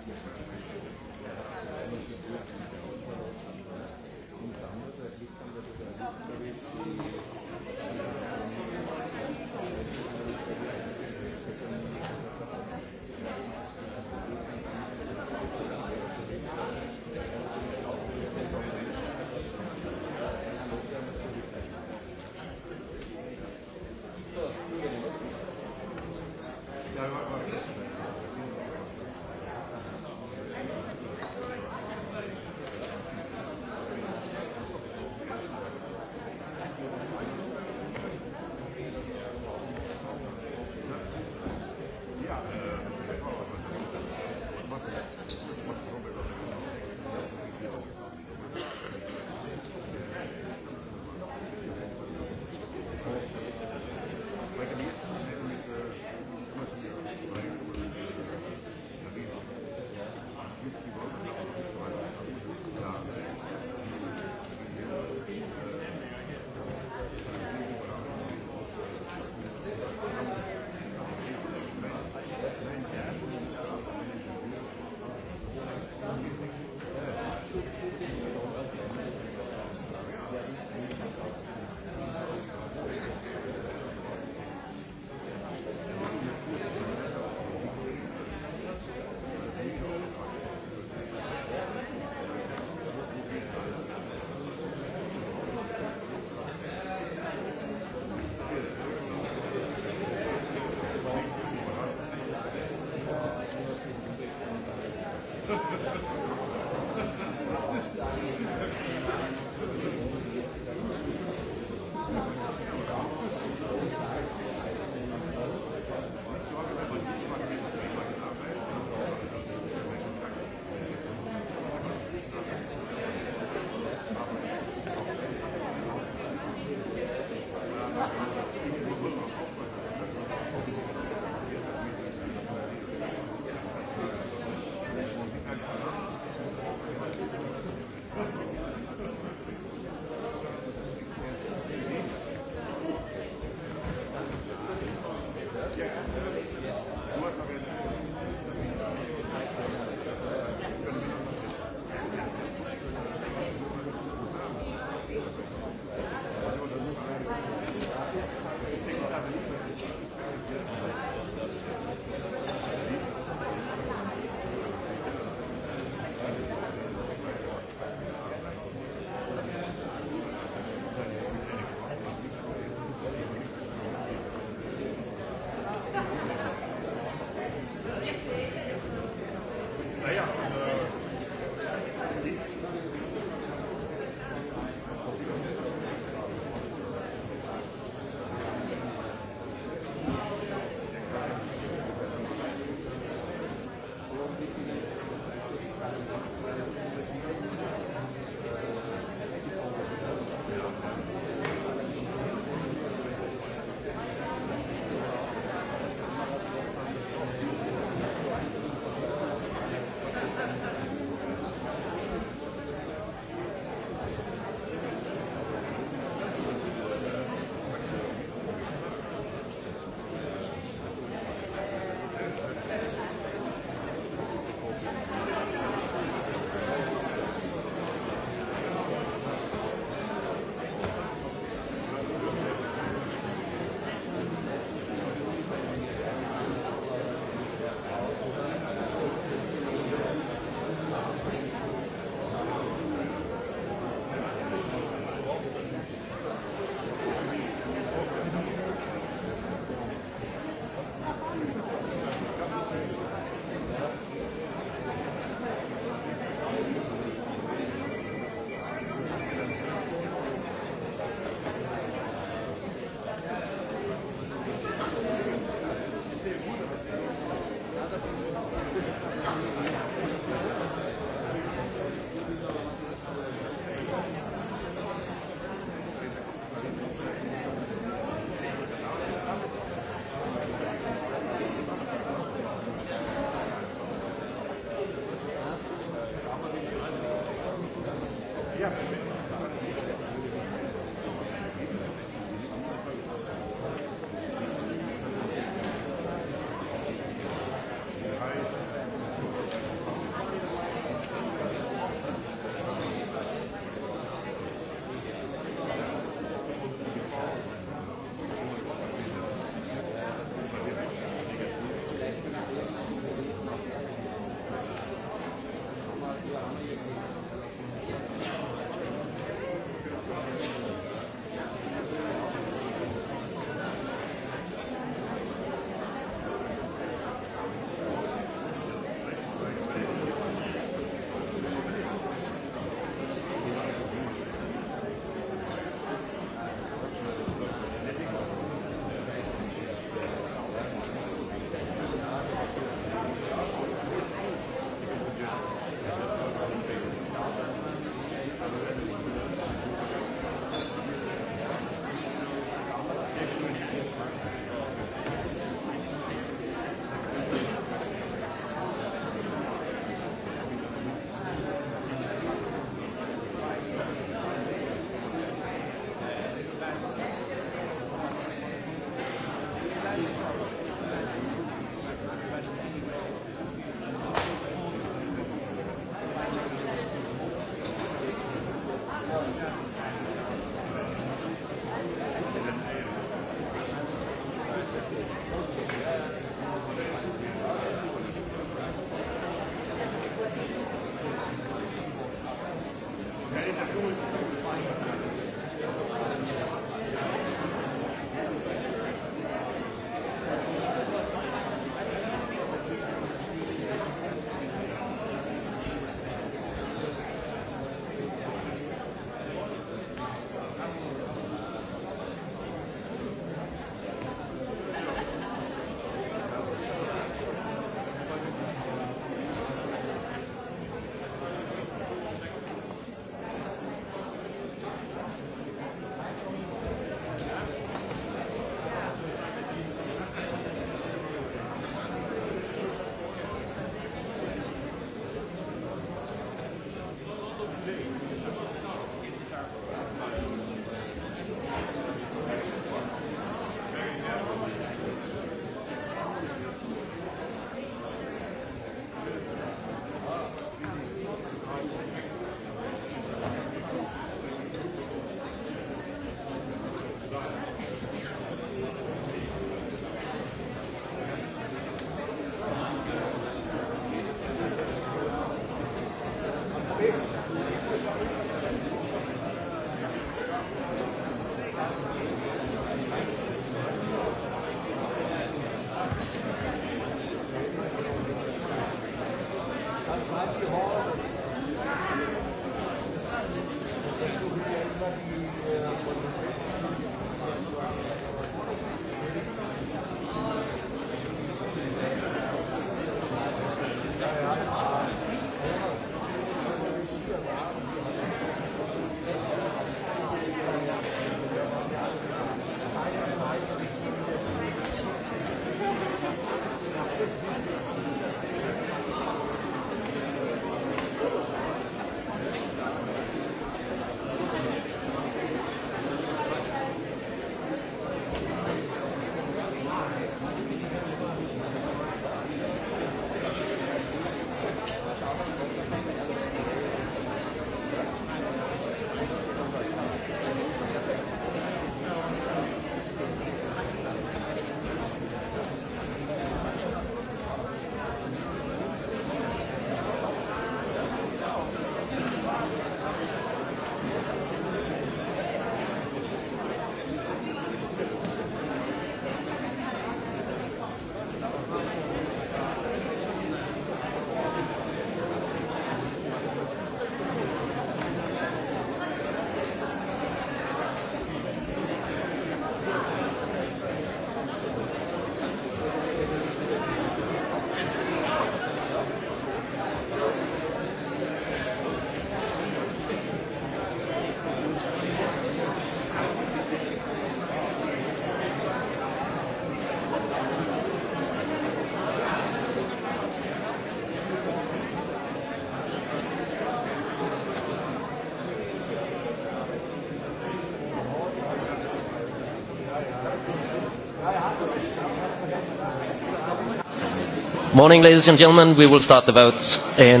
morning, ladies and gentlemen. We will start the votes in...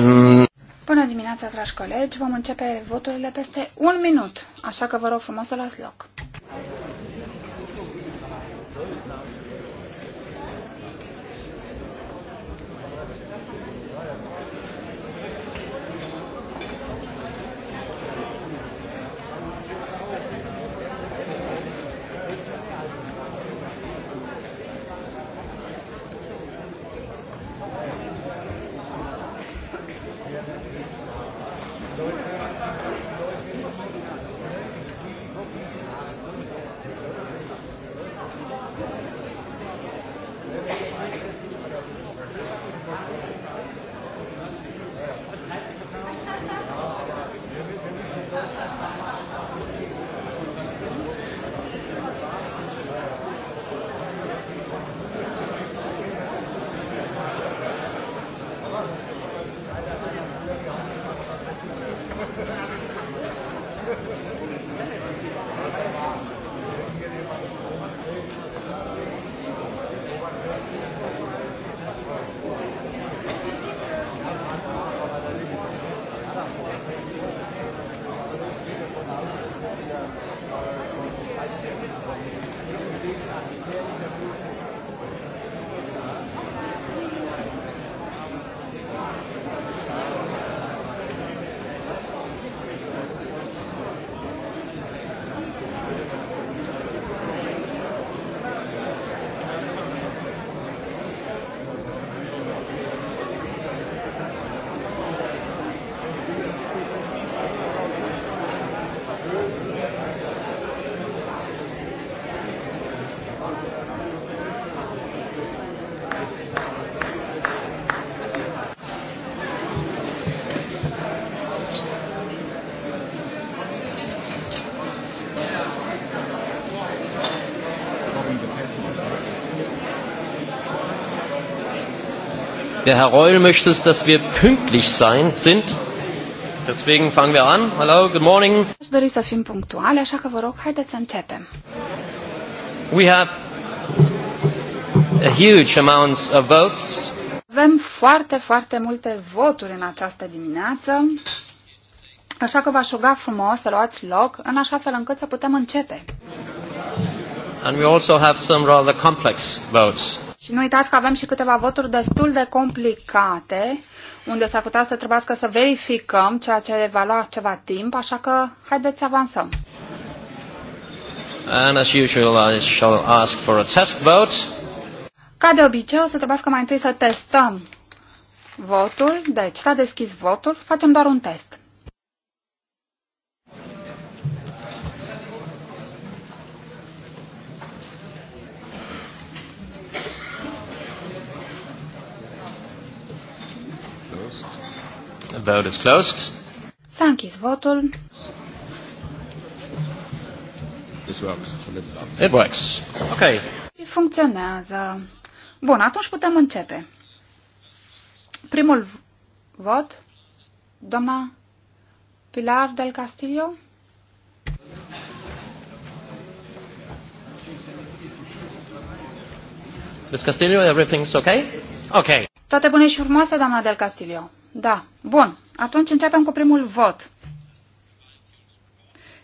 Bună dimineața, dragi colegi! Vom începe voturile peste un minut, așa că vă rog frumos să luați loc. Der Herr Reul möchte es, dass wir pünktlich sein, sind. Deswegen fangen wir an. Hallo, good morning. Aș dori să fim punctuali, așa că vă rog, haideți să începem. We have a huge amounts of votes. Avem foarte, foarte multe voturi în această dimineață. Așa că v-aș ruga frumos să luați loc în așa fel încât să putem începe. And we also have some rather complex votes. Și nu uitați că avem și câteva voturi destul de complicate, unde s-ar putea să trebuiască să verificăm ceea ce va lua ceva timp, așa că haideți să avansăm. And as usual, I shall ask for a test vote. Ca de obicei, o să trebuiască mai întâi să testăm votul. Deci s-a deschis votul, facem doar un test. vote is closed. S-a închis votul. This works. So let's start. It works. Okay. Funcționează. Bun, atunci putem începe. Primul vot, doamna Pilar del Castillo. Ms. Castillo, everything's okay? Okay. Toate bune și frumoase, doamna del Castillo. Da. Bun. Atunci începem cu primul vot.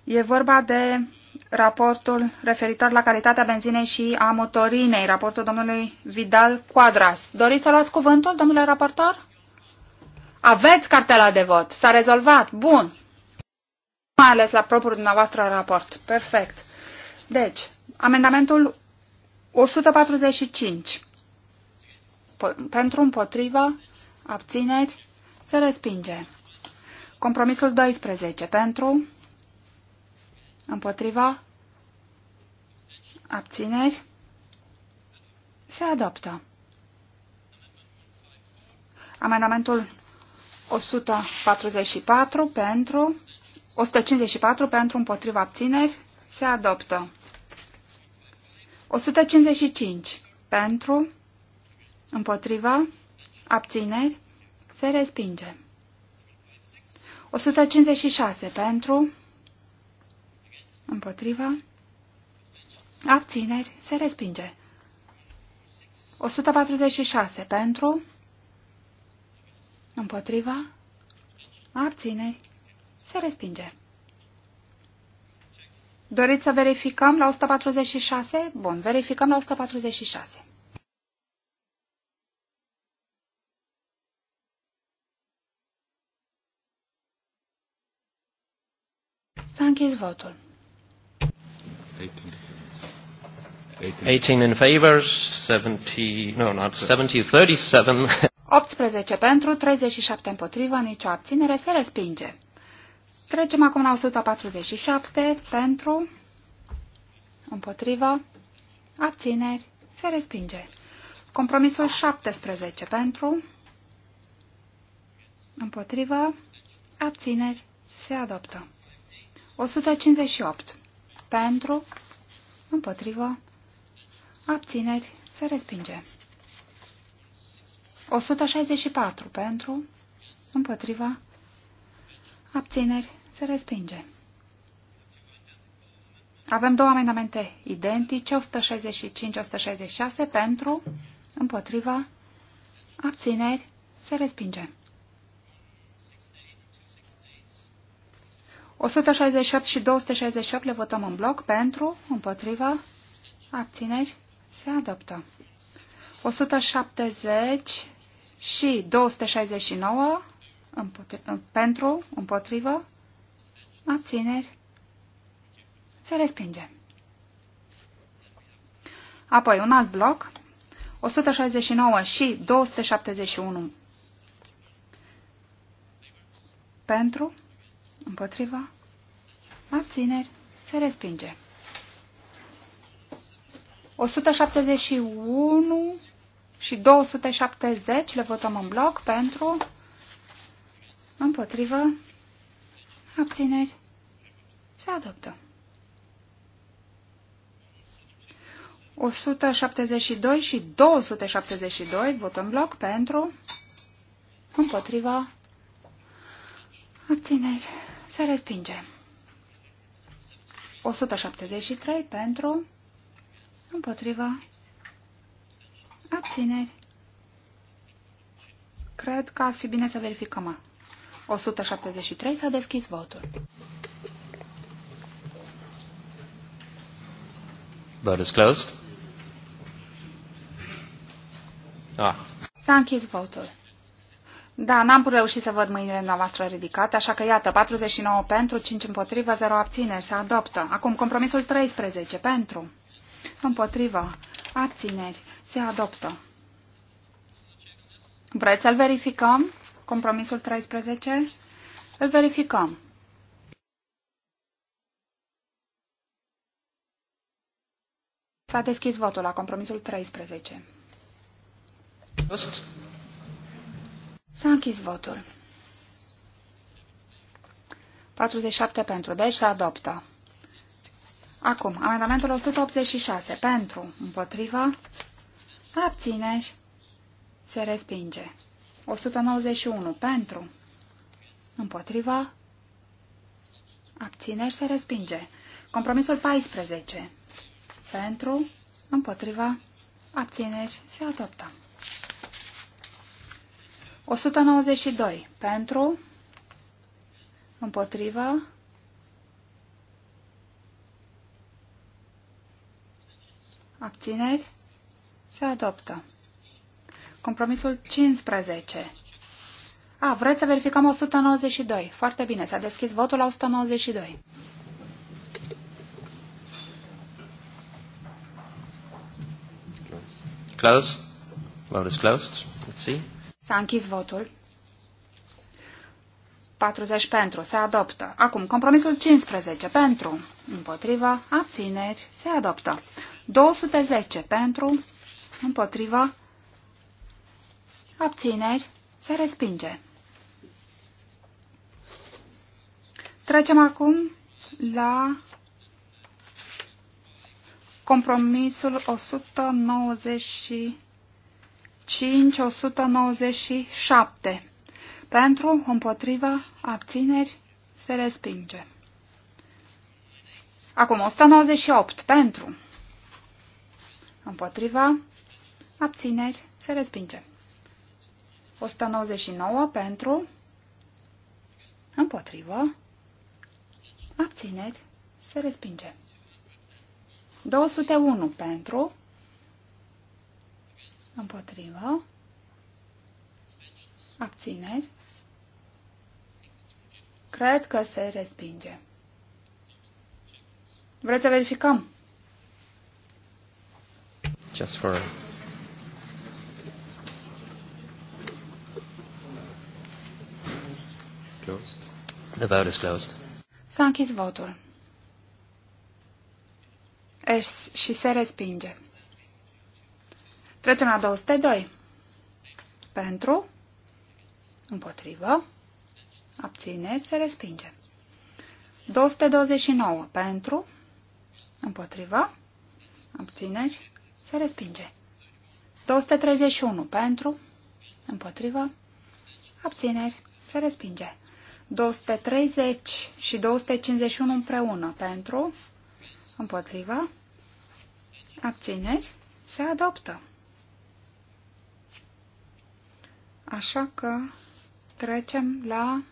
E vorba de raportul referitor la calitatea benzinei și a motorinei, raportul domnului Vidal Quadras. Doriți să luați cuvântul, domnule raportor? Aveți cartela de vot. S-a rezolvat. Bun. Mai ales la propriul dumneavoastră raport. Perfect. Deci, amendamentul 145. Pentru împotrivă, abțineri, se respinge. Compromisul 12 pentru, împotriva, abțineri, se adoptă. Amendamentul 144 pentru, 154 pentru, împotriva, abțineri, se adoptă. 155 pentru, împotriva, abțineri, se respinge. 156 pentru, împotriva, abțineri, se respinge. 146 pentru, împotriva, abțineri, se respinge. Doriți să verificăm la 146? Bun, verificăm la 146. închis votul. 18 in favor, 70, no, not 70, 37. 18 pentru, 37 împotrivă, nicio abținere, se respinge. Trecem acum la 147 pentru, împotrivă, abțineri, se respinge. Compromisul 17 pentru, împotrivă, abțineri, se adoptă. 158. Pentru, împotrivă, abțineri, se respinge. 164. Pentru, împotriva, abțineri, se respinge. Avem două amendamente identice, 165-166, pentru, împotriva, abțineri, se respinge. 168 și 268 le votăm în bloc pentru, împotriva, abțineri, se adoptă. 170 și 269 împotri- pentru, împotrivă, abțineri, se respinge. Apoi un alt bloc, 169 și 271 pentru, Împotriva. Abțineri. Se respinge. 171 și 270 le votăm în bloc pentru, împotrivă, abțineri, se adoptă. 172 și 272 votăm bloc pentru, împotriva, abțineri, se respinge. 173 pentru, împotriva, abțineri. Cred că ar fi bine să verificăm. 173 s-a deschis votul. Vote is closed. Ah. S-a închis votul. Da, n-am reușit să văd mâinile noastre ridicate, așa că iată, 49 pentru, 5 împotrivă, 0 abțineri, se adoptă. Acum compromisul 13 pentru, împotrivă, abțineri, se adoptă. Vreți să-l verificăm? Compromisul 13? Îl verificăm. S-a deschis votul la compromisul 13. Just. S-a închis votul. 47 pentru. Deci se adoptă. Acum, amendamentul 186. Pentru. Împotriva. Abțineri. Se respinge. 191. Pentru. Împotriva. Abțineri. Se respinge. Compromisul 14. Pentru. Împotriva. Abțineri. Se adoptă. 192 pentru, împotriva, abțineri, se adoptă. Compromisul 15. A, vreți să verificăm 192. Foarte bine, s-a deschis votul la 192. Closed. Vote is closed. Let's see. S-a închis votul. 40 pentru. Se adoptă. Acum, compromisul 15 pentru. Împotriva. Abțineri. Se adoptă. 210 pentru. Împotriva. Abțineri. Se respinge. Trecem acum la compromisul 190. 597 Pentru, împotriva, abțineri, se respinge. Acum 198. Pentru, împotriva, abțineri, se respinge. 199 pentru, Împotriva, abțineri, se respinge. 201 pentru, Împotrivă. Abțineri. Cred că se respinge. Vreți să verificăm? Just for... Closed. The vote is closed. S-a închis votul. Es și se respinge. Trecem la 202. Pentru, împotrivă, abțineri, se respinge. 229. Pentru, împotrivă, abțineri, se respinge. 231. Pentru, împotrivă, abțineri, se respinge. 230 și 251 împreună pentru, împotriva, abțineri, se adoptă. Așa că trecem la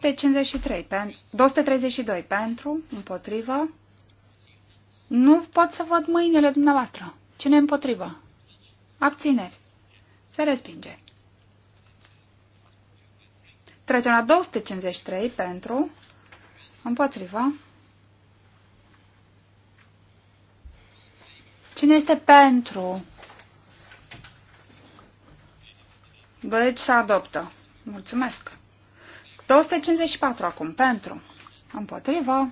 pen, 232 pentru, împotrivă. Nu pot să văd mâinile dumneavoastră. Cine împotrivă? Abțineri. Se respinge. Trecem la 253 pentru, împotrivă, Cine este pentru? Deci se adoptă. Mulțumesc. 254 acum. Pentru. Împotrivă.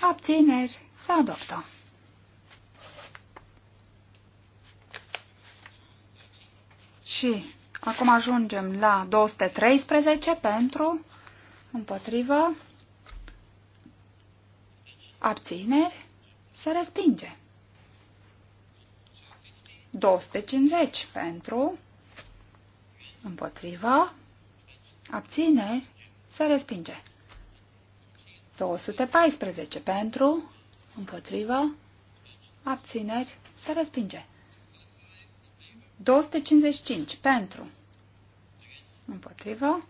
Abțineri. Se adoptă. Și acum ajungem la 213 pentru împotrivă abțineri se respinge. 250 pentru, împotriva, abțineri, se respinge. 214 pentru, împotriva, abțineri, se respinge. 255 pentru, împotriva,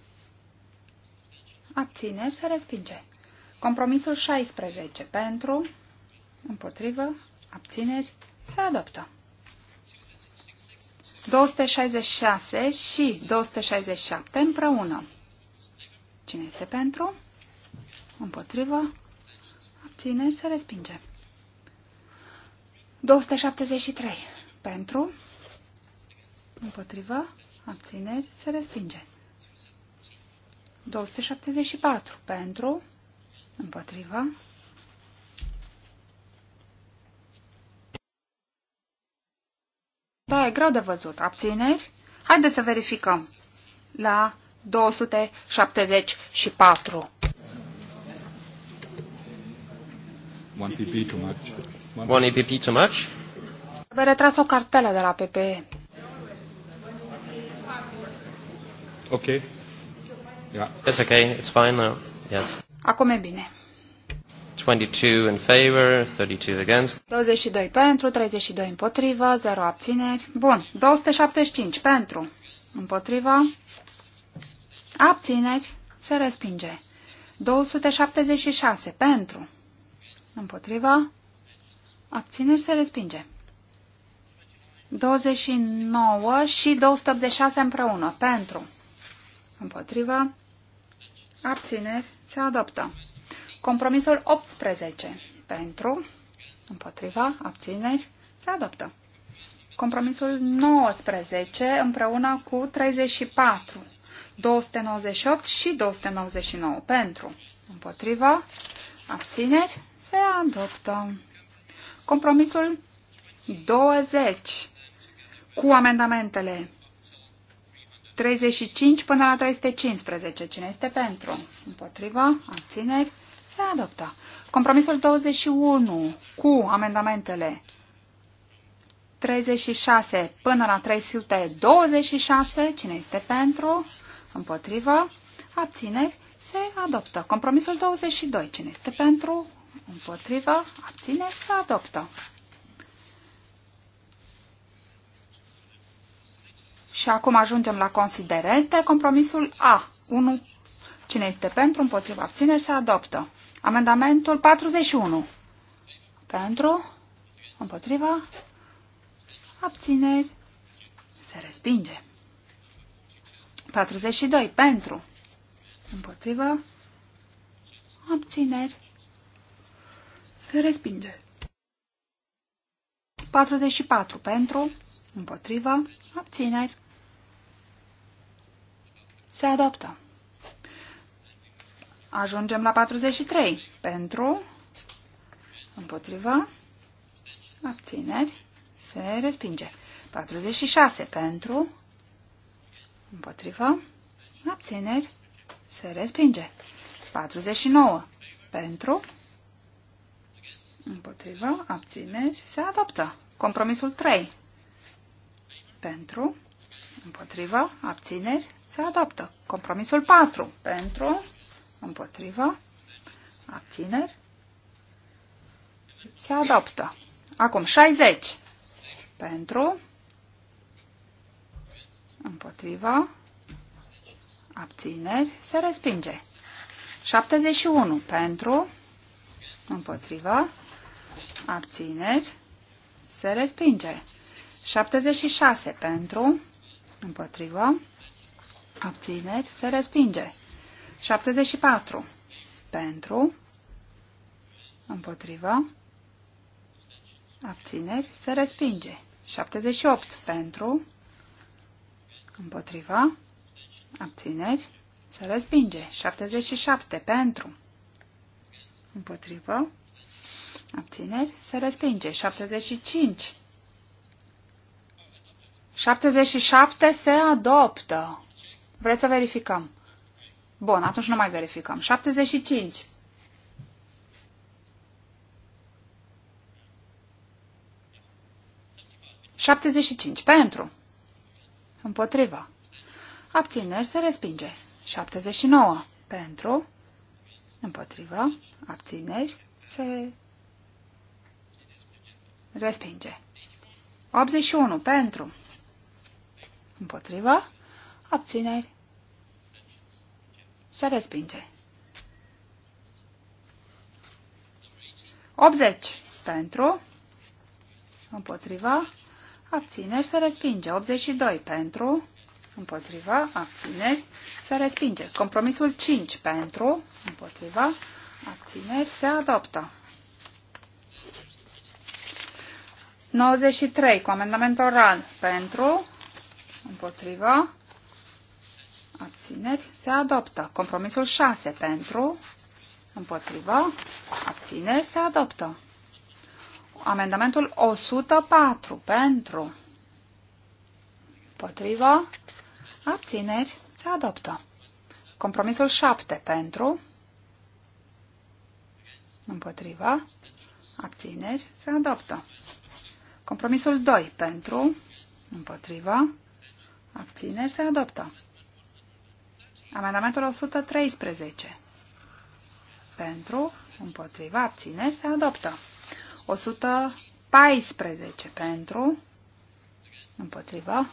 abțineri, se respinge. Compromisul 16 pentru, împotriva abțineri, se adoptă. 266 și 267 împreună. Cine este pentru? Împotrivă? Abține se respinge. 273. Pentru? Împotrivă? Abțineri se respinge. 274. Pentru? Împotrivă? e greu de văzut. Abțineri? Haideți să verificăm. La 274. One PP too much. One, PP too much? Trebuie retras o cartelă de la PP. Ok. Yeah. It's okay, it's fine now. Yes. Acum e bine. 22 in favor, 32 against. 22 pentru, 32 împotrivă, 0 abțineri. Bun, 275 pentru, împotrivă, abțineri, se respinge. 276 pentru, împotrivă, abțineri, se respinge. 29 și 286 împreună, pentru, împotrivă, abțineri, se adoptă. Compromisul 18 pentru, împotriva, abțineri, se adoptă. Compromisul 19 împreună cu 34, 298 și 299 pentru, împotriva, abțineri, se adoptă. Compromisul 20 cu amendamentele 35 până la 315. Cine este pentru? Împotriva? Abțineri? Se adoptă. Compromisul 21 cu amendamentele 36 până la 326. Cine este pentru? Împotrivă? Abțineri? Se adoptă. Compromisul 22. Cine este pentru? Împotrivă? Abțineri? Se adoptă. Și acum ajungem la considerente. Compromisul A. 1 Cine este pentru, împotriva abțineri, se adoptă. Amendamentul 41. Pentru, împotriva, abțineri, se respinge. 42. Pentru, împotriva, abțineri, se respinge. 44. Pentru, împotriva, abțineri, se adoptă. Ajungem la 43. Pentru, împotriva abțineri, se respinge. 46. Pentru, împotriva abțineri, se respinge. 49. Pentru, împotriva abțineri, se adoptă. Compromisul 3. Pentru, împotriva abțineri, se adoptă. Compromisul 4. Pentru, împotriva, Abțineri. Se adoptă. Acum 60. Pentru. Împotriva. Abțineri. Se respinge. 71. Pentru. Împotriva. Abțineri. Se respinge. 76. Pentru. Împotriva. Abțineri. Se respinge. 74. Pentru, împotrivă, abțineri, se respinge. 78. Pentru, împotrivă, abțineri, se respinge. 77. Pentru, împotrivă, abțineri, se respinge. 75. 77 se adoptă. Vreți să verificăm? Bun, atunci nu mai verificăm. 75. 75 și Pentru. Împotriva. Abțineri se respinge. 79. Pentru. Împotriva. Abțineri se respinge. 81. Pentru. Împotriva. Abțineri se respinge. 80 pentru, împotriva, Abține și se respinge. 82 pentru, împotriva, Abține și se respinge. Compromisul 5 pentru, împotriva, Abține și se adoptă. 93 cu amendament oral pentru, împotriva, abțineri, se adoptă. Compromisul 6 pentru, împotrivă, abțineri, se adoptă. Amendamentul 104 pentru, împotrivă, abțineri, se adoptă. Compromisul 7 pentru, împotriva, abțineri, se adoptă. Compromisul 2 pentru, împotriva, abțineri, se adoptă. Amendamentul 113. Pentru, împotriva, abțineri, se adoptă. 114 pentru, împotriva,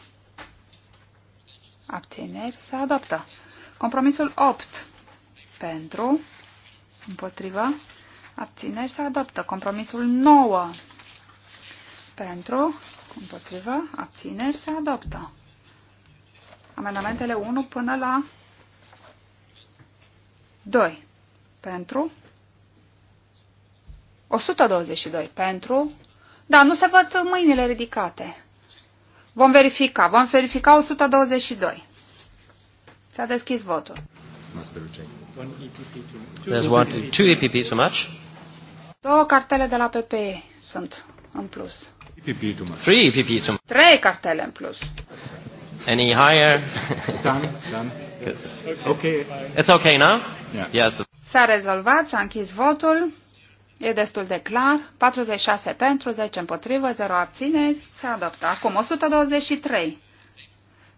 abțineri, se adoptă. Compromisul 8 pentru, împotriva, abțineri, se adoptă. Compromisul 9 pentru, împotriva, abțineri, se adoptă. Amendamentele 1 până la 2 pentru 122 pentru da, nu se văd mâinile ridicate. Vom verifica. Vom verifica 122. S-a deschis votul. There's one, two EPP so much. Două cartele de la PPE sunt în plus. EPP too much. Three EPP too much. Trei cartele în plus. Any higher? done, done. <laughs> Okay. It's okay now? S-a rezolvat, s-a închis votul. E destul de clar. 46 pentru, 10 împotrivă, 0 abțineri. Se adoptă. Acum 123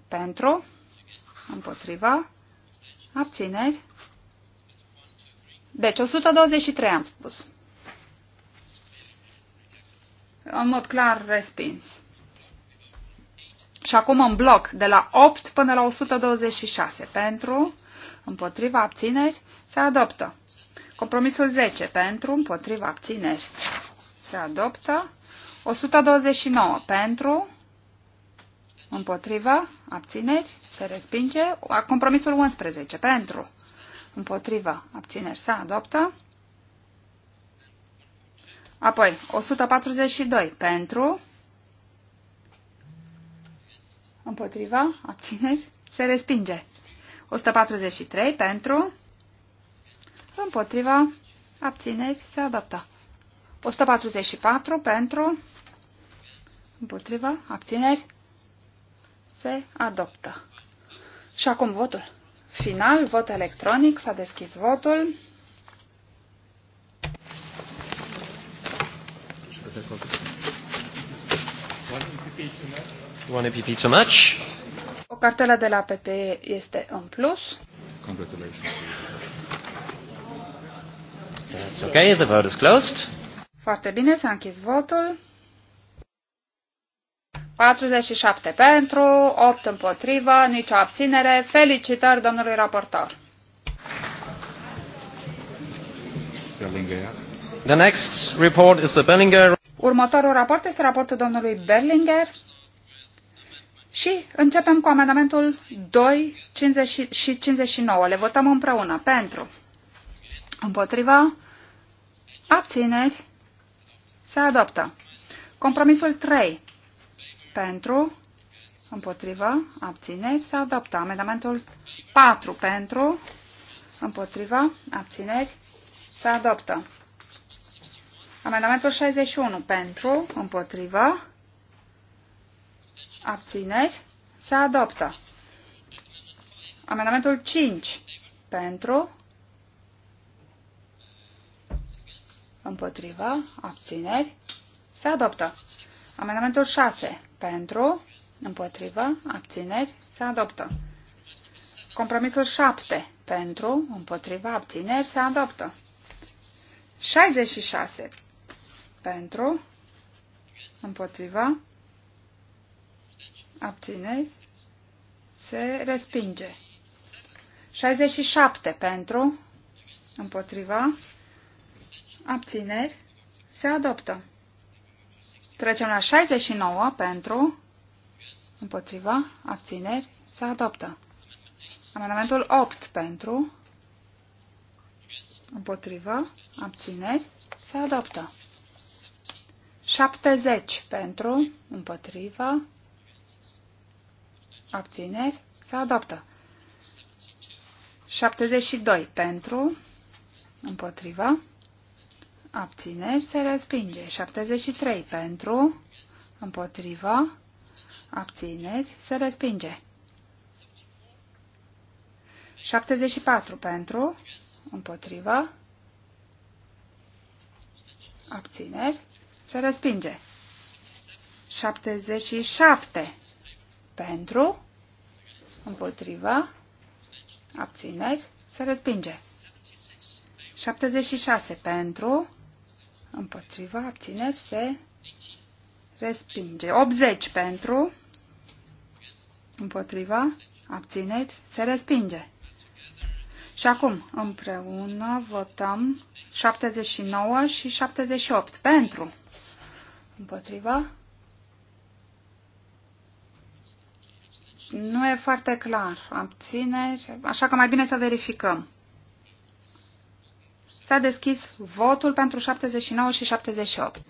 pentru, împotrivă, abțineri. Deci 123 am spus. În mod clar respins. Și acum în bloc, de la 8 până la 126 pentru, împotriva abțineri, se adoptă. Compromisul 10 pentru, împotriva abțineri, se adoptă. 129 pentru, împotriva abțineri, se respinge. Compromisul 11 pentru, împotriva abțineri, se adoptă. Apoi, 142 pentru, împotriva, abțineri, se respinge. 143 pentru, împotriva, abțineri, se adoptă. 144 pentru, împotriva, abțineri, se adoptă. Și acum votul. Final, vot electronic, s-a deschis votul. One EPP too much. O cartelă de la PPE este în plus. That's okay, the vote is closed. Foarte bine, s-a închis votul. 47 pentru, 8 împotrivă, nicio abținere. Felicitări domnului raportor. Berlinger. The next report is the Berlinger. Următorul raport este raportul domnului Berlinger. Și începem cu amendamentul 2 50 și 59. Le votăm împreună. Pentru. Împotriva. Abțineri. Se adoptă. Compromisul 3. Pentru. Împotriva. Abțineri. Se adoptă. Amendamentul 4. Pentru. Împotriva. Abțineri. Se adoptă. Amendamentul 61. Pentru. Împotriva abțineri, se adoptă. Amendamentul 5 pentru, împotriva, abțineri, se adoptă. Amendamentul 6 pentru, împotriva, abțineri, se adoptă. Compromisul 7 pentru, împotriva, abțineri, se adoptă. 66 pentru, împotriva, abțineri, se respinge. 67 pentru, împotriva, abțineri, se adoptă. Trecem la 69 pentru, împotriva, abțineri, se adoptă. Amendamentul 8 pentru, împotriva, abțineri, se adoptă. 70 pentru, împotriva, abțineri, se adoptă. 72 pentru, împotriva, abțineri, se respinge. 73 pentru, împotriva, abțineri, se respinge. 74 pentru, împotriva, abțineri, se respinge. 77 pentru, Împotriva. Abțineri. Se respinge. 76 pentru. Împotriva. Abțineri. Se respinge. 80 pentru. Împotriva. Abțineri. Se respinge. Și acum împreună votăm 79 și 78 pentru. Împotriva. Nu e foarte clar. Abțineri. Așa că mai bine să verificăm. S-a deschis votul pentru 79 și 78.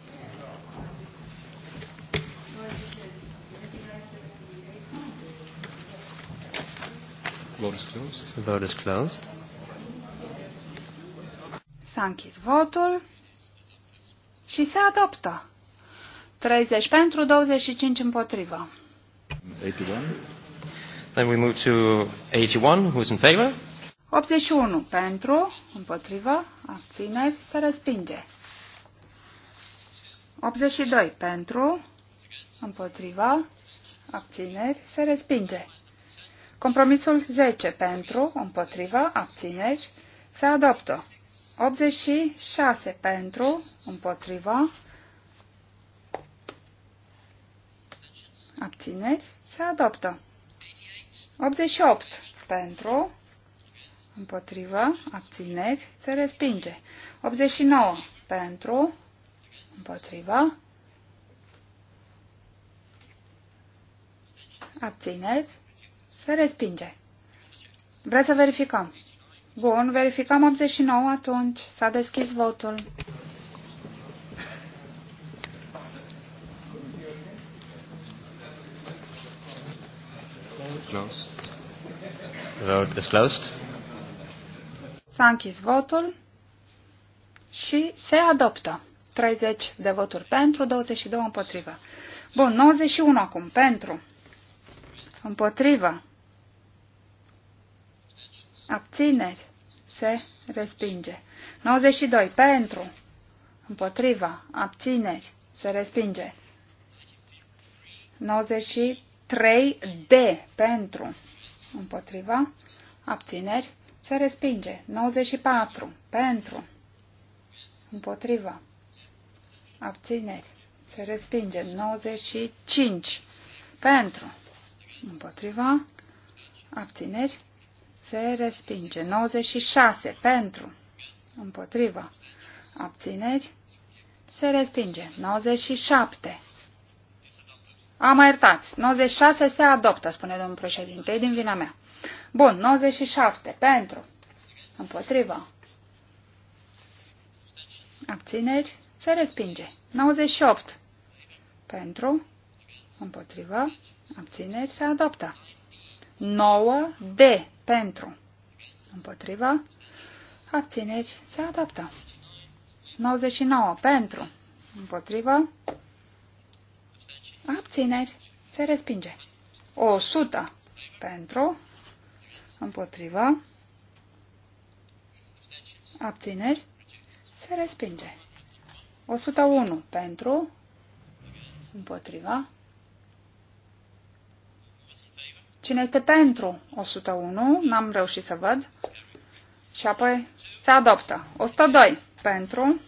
Vote is closed. Vote is closed. S-a închis votul și se adoptă. 30 pentru, 25 împotrivă. 81. Then we move to 81. Who's in favor? 81 pentru, împotrivă, abțineri, se respinge. 82 pentru, împotriva, abțineri, se respinge. Compromisul 10 pentru, împotriva, abțineri, se adoptă. 86 pentru, împotriva, abțineri, se adoptă. 88 pentru, împotrivă, abțineri, se respinge. 89 pentru, împotrivă, abțineri, se respinge. Vreți să verificăm? Bun, verificăm 89 atunci. S-a deschis votul. closed. The vote is closed. S-a închis votul și se adoptă. 30 de voturi pentru, 22 împotrivă. Bun, 91 acum, pentru, împotrivă, abțineri, se respinge. 92, pentru, Împotrivă. abțineri, se respinge. 93 3D pentru, împotriva, abțineri, se respinge. 94 pentru, împotriva, abțineri, se respinge. 95 pentru, împotriva, abțineri, se respinge. 96 pentru, împotriva, abțineri, se respinge. 97 am iertat. 96 se adoptă, spune domnul președinte. E din vina mea. Bun, 97. Pentru. Împotriva. Abțineri. Se respinge. 98. Pentru. Împotriva. Abțineri. Se adoptă. 9. D. Pentru. Împotriva. Abțineri. Se adoptă. 99. Pentru. Împotriva abțineri, se respinge. O sută. pentru, Împotriva. abțineri, se respinge. 101 pentru, împotriva. Cine este pentru 101? N-am reușit să văd. Și apoi se adoptă. 102 pentru,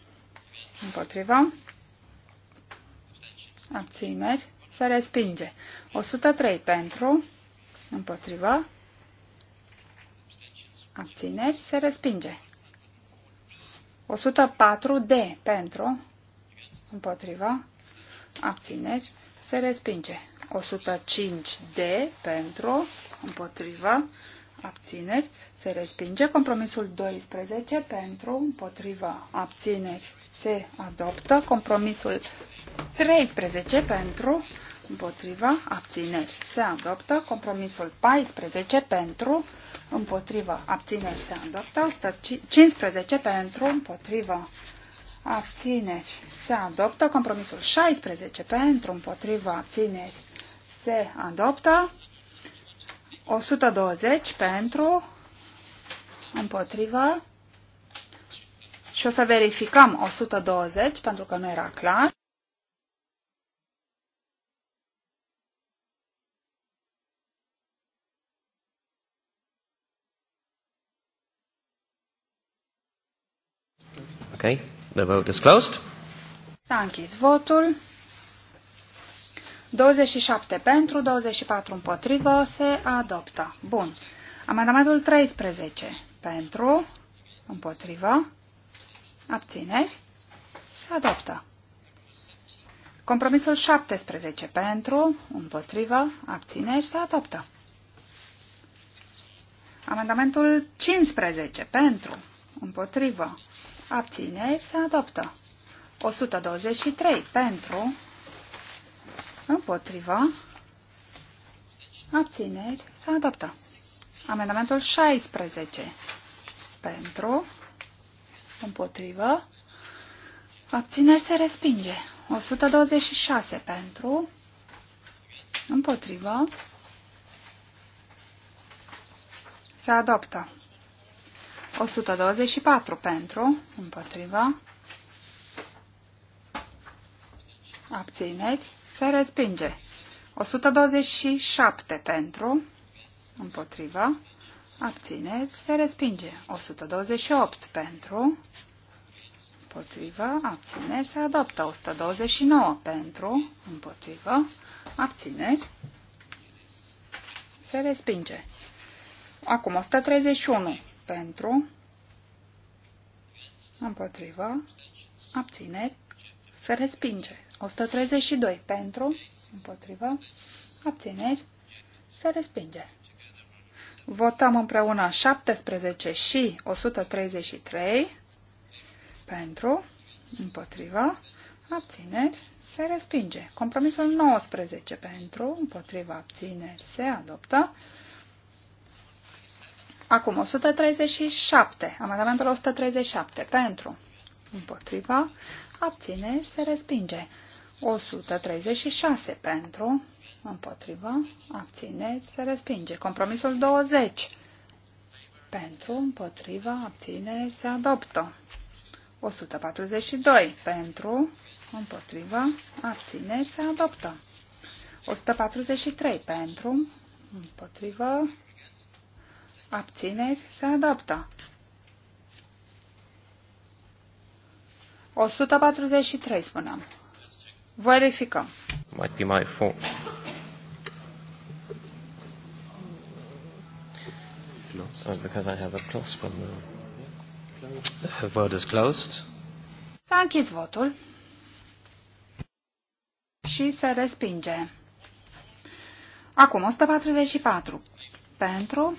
împotriva abțineri, se respinge. 103 pentru, împotriva, abțineri, se respinge. 104 de pentru, împotriva, abțineri, se respinge. 105 de pentru, împotriva, abțineri, se respinge. Compromisul 12 pentru, împotriva, abțineri, se adoptă. Compromisul 13 pentru, împotriva, abțineri se adoptă. Compromisul 14 pentru, împotriva, abțineri se adoptă. 15 pentru, împotriva, abțineri se adoptă. Compromisul 16 pentru, împotriva, abțineri se adoptă. 120 pentru, împotriva, și o să verificăm 120 pentru că nu era clar. Okay, the vote is closed. S-a închis votul. 27 pentru, 24 împotrivă, se adoptă. Bun. Amendamentul 13 pentru, împotrivă, abțineri, se adoptă. Compromisul 17 pentru, împotrivă, abțineri, se adoptă. Amendamentul 15 pentru, împotrivă, abțineri, se adoptă. 123 pentru, împotriva, abțineri, se adoptă. Amendamentul 16 pentru, împotrivă, abțineri se respinge. 126 pentru, împotrivă, se adoptă. 124 pentru, împotriva, abțineți, se respinge. 127 pentru, împotriva, abțineți, se respinge. 128 pentru, împotrivă, abțineți, se adoptă 129 pentru, împotrivă, abțineți, se respinge. Acum 131 pentru, împotriva, abțineri, se respinge. 132 pentru, împotriva, abțineri, se respinge. Votăm împreună 17 și 133 pentru, împotriva, abțineri, se respinge. Compromisul 19 pentru, împotriva, abțineri, se adoptă. Acum 137. Amendamentul 137. Pentru. Împotriva. Abține și Se respinge. 136. Pentru. Împotriva. Abține și Se respinge. Compromisul 20. Pentru. Împotriva. Abține și Se adoptă. 142. Pentru. Împotriva. Abține și Se adoptă. 143. Pentru. Împotriva abțineri, se adaptă. 143, spuneam. Verificăm. Might be my fault. Oh, because I have a plus from the, The word is closed. S-a închis votul și se respinge. Acum 144. Pentru,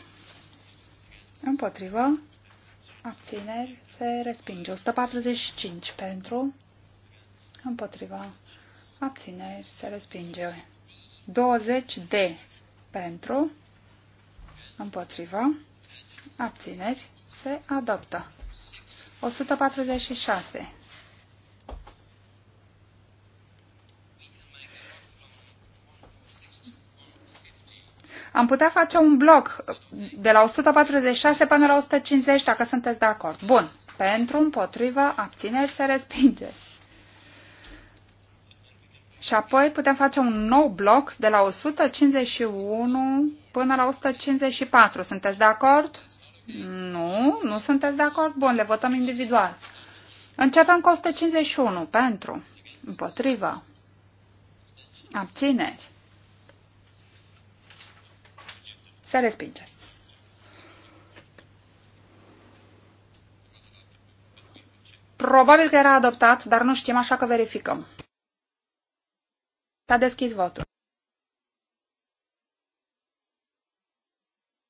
Împotrivă. Abțineri. Se respinge. 145 pentru. Împotrivă. Abțineri. Se respinge. 20 de pentru. Împotrivă. Abțineri. Se adoptă. 146 am putea face un bloc de la 146 până la 150, dacă sunteți de acord. Bun. Pentru, împotrivă, abțineri, se respinge. Și apoi putem face un nou bloc de la 151 până la 154. Sunteți de acord? Nu, nu sunteți de acord? Bun, le votăm individual. Începem cu 151. Pentru, împotrivă, abțineri, Se respinge. Probabil că era adoptat, dar nu știm, așa că verificăm. S-a deschis votul.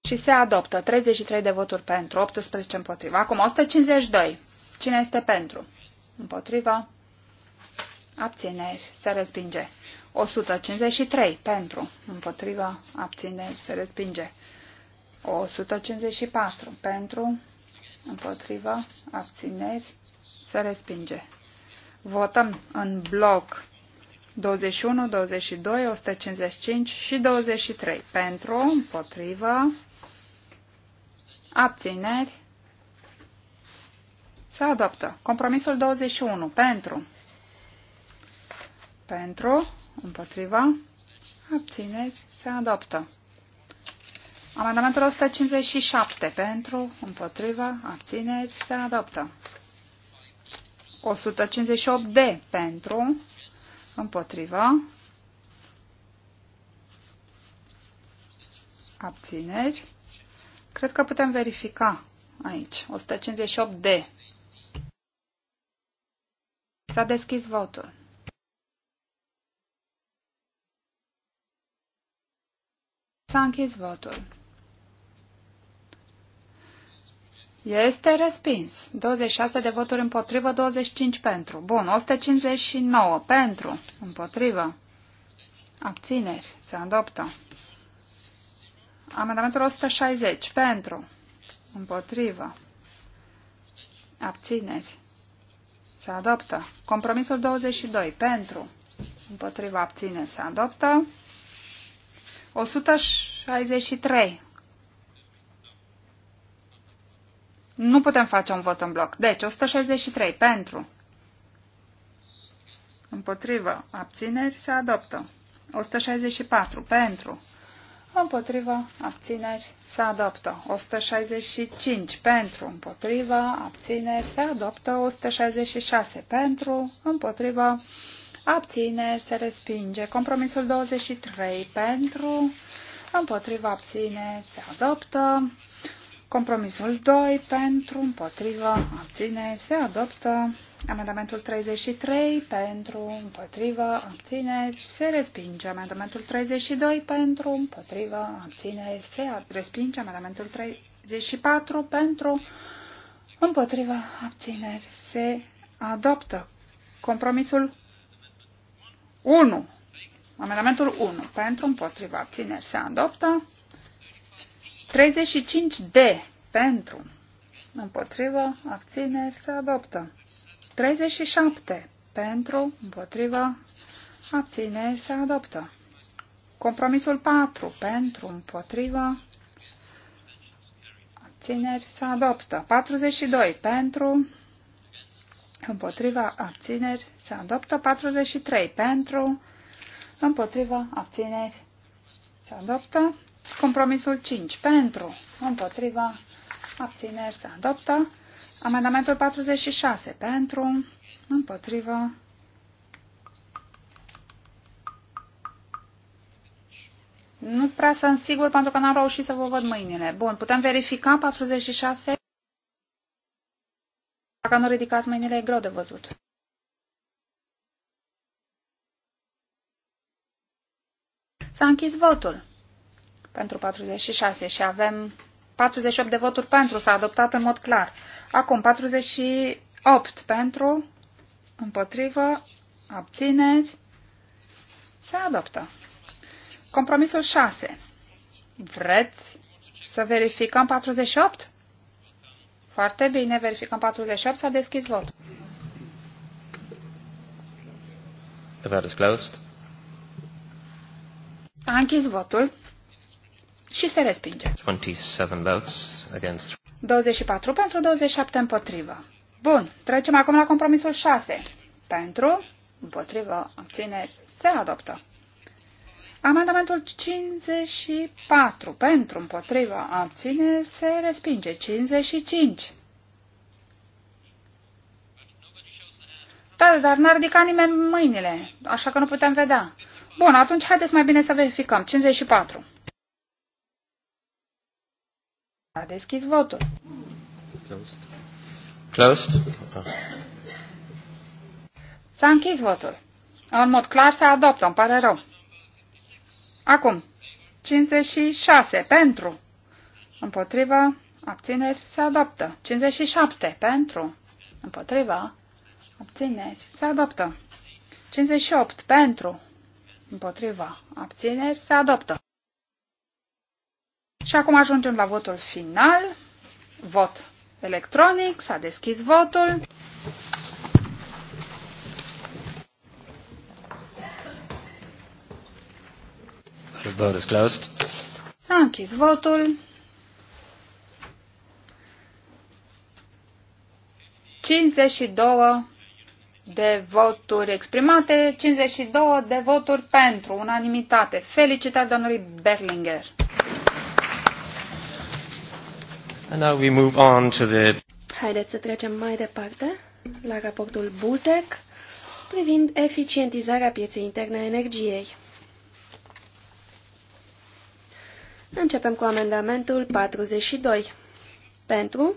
Și se adoptă 33 de voturi pentru, 18 împotriva. Acum 152. Cine este pentru? Împotriva. Abțineri. Se respinge. 153 pentru, împotriva, abțineri, se respinge. 154 pentru, împotriva, abțineri, se respinge. Votăm în bloc 21, 22, 155 și 23 pentru, împotriva, abțineri, se adoptă. Compromisul 21 pentru, pentru, Împotriva. Abțineri. Se adoptă. Amendamentul 157 pentru, împotriva, abțineri, se adoptă. 158 de pentru, împotriva, abțineri. Cred că putem verifica aici. 158 de. S-a deschis votul. S-a închis votul. Este respins. 26 de voturi împotrivă, 25 pentru. Bun, 159 pentru, împotrivă. Abțineri, se adoptă. Amendamentul 160 pentru, împotrivă. Abțineri, se adoptă. Compromisul 22 pentru, împotrivă abțineri, se adoptă. 163. Nu putem face un vot în bloc. Deci, 163 pentru. Împotrivă. Abțineri se adoptă. 164 pentru. Împotrivă. Abțineri se adoptă. 165 pentru. Împotrivă. Abțineri se adoptă. 166 pentru. Împotrivă abțineri, se respinge. Compromisul 23 pentru, împotriva, abțineri, se adoptă. Compromisul 2 pentru, împotriva, abțineri, se adoptă. Amendamentul 33 pentru, Împotriva abțineri, se respinge. Amendamentul 32 pentru, Împotriva abțineri, se respinge. Amendamentul 34 pentru, Împotriva abțineri, se adoptă. Compromisul 1. Amendamentul 1. Pentru, împotriva, abțineri se adoptă. 35D. Pentru, împotriva, abțineri se adoptă. 37. Pentru, împotriva, abțineri se adoptă. Compromisul 4. Pentru, împotriva, abțineri se adoptă. 42. Pentru, împotriva abțineri se adoptă. 43 pentru, împotriva abțineri se adoptă. Compromisul 5 pentru, împotriva abțineri se adoptă. Amendamentul 46 pentru, împotriva Nu prea sunt sigur pentru că n-am reușit să vă văd mâinile. Bun, putem verifica 46? Dacă nu ridicați mâinile, e greu de văzut. S-a închis votul pentru 46 și avem 48 de voturi pentru. S-a adoptat în mod clar. Acum 48 pentru, împotrivă, abțineri. Se adoptă. Compromisul 6. Vreți să verificăm 48? Foarte bine, verificăm 48, s-a deschis votul. The vote is closed. A închis votul și se respinge. 27 votes against. 24 pentru, 27 împotrivă. Bun, trecem acum la compromisul 6. Pentru, împotrivă, abțineri, se adoptă. Amendamentul 54 pentru împotriva abține se respinge. 55. Da, da, dar n-a ridicat nimeni mâinile, așa că nu putem vedea. Bun, atunci haideți mai bine să verificăm. 54. A deschis votul. Closed. Closed. S-a închis votul. În mod clar se adoptă, îmi pare rău. Acum, 56 pentru, împotriva, abțineri, se adoptă. 57 pentru, împotriva, abțineri, se adoptă. 58 pentru, împotriva, abțineri, se adoptă. Și acum ajungem la votul final. Vot electronic, s-a deschis votul. Vote is closed. S-a închis votul. 52 de voturi exprimate, 52 de voturi pentru, unanimitate. Felicitări domnului Berlinger. And now we move on to the... Haideți să trecem mai departe la raportul Buzek privind eficientizarea pieței interne a energiei. Începem cu amendamentul 42. Pentru,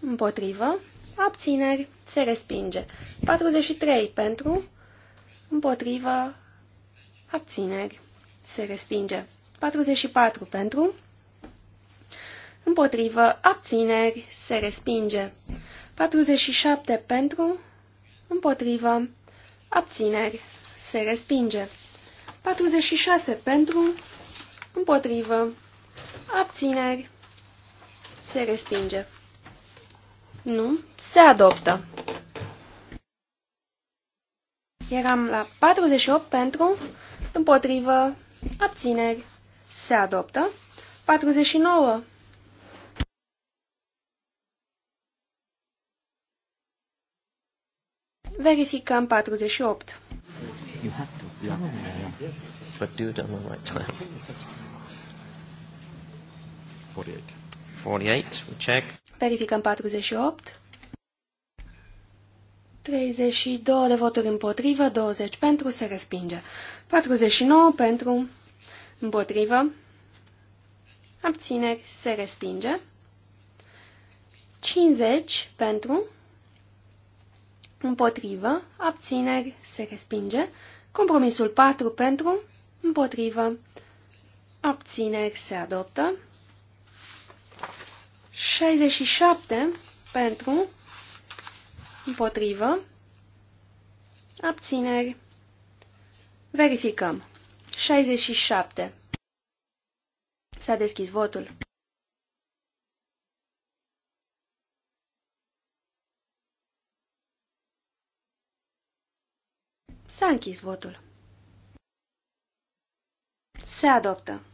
împotrivă, abțineri, se respinge. 43. Pentru, împotrivă, abțineri, se respinge. 44. Pentru, împotrivă, abțineri, se respinge. 47. Pentru, împotrivă, abțineri, se respinge. 46. Pentru, împotrivă, abțineri, se respinge. Nu, se adoptă. Eram la 48 pentru, împotrivă, abțineri, se adoptă. 49 Verificăm 48. You have to. Yeah. But do it on the right time. 48. 48, we check. Verificăm 48. 32 de voturi împotrivă, 20 pentru, se respinge. 49 pentru, împotrivă, abțineri, se respinge. 50 pentru, împotrivă, abțineri, se respinge. Compromisul 4 pentru, împotrivă, abțineri, se adoptă. 67 pentru, împotrivă, abțineri. Verificăm. 67. S-a deschis votul. S-a închis votul. Se adoptă.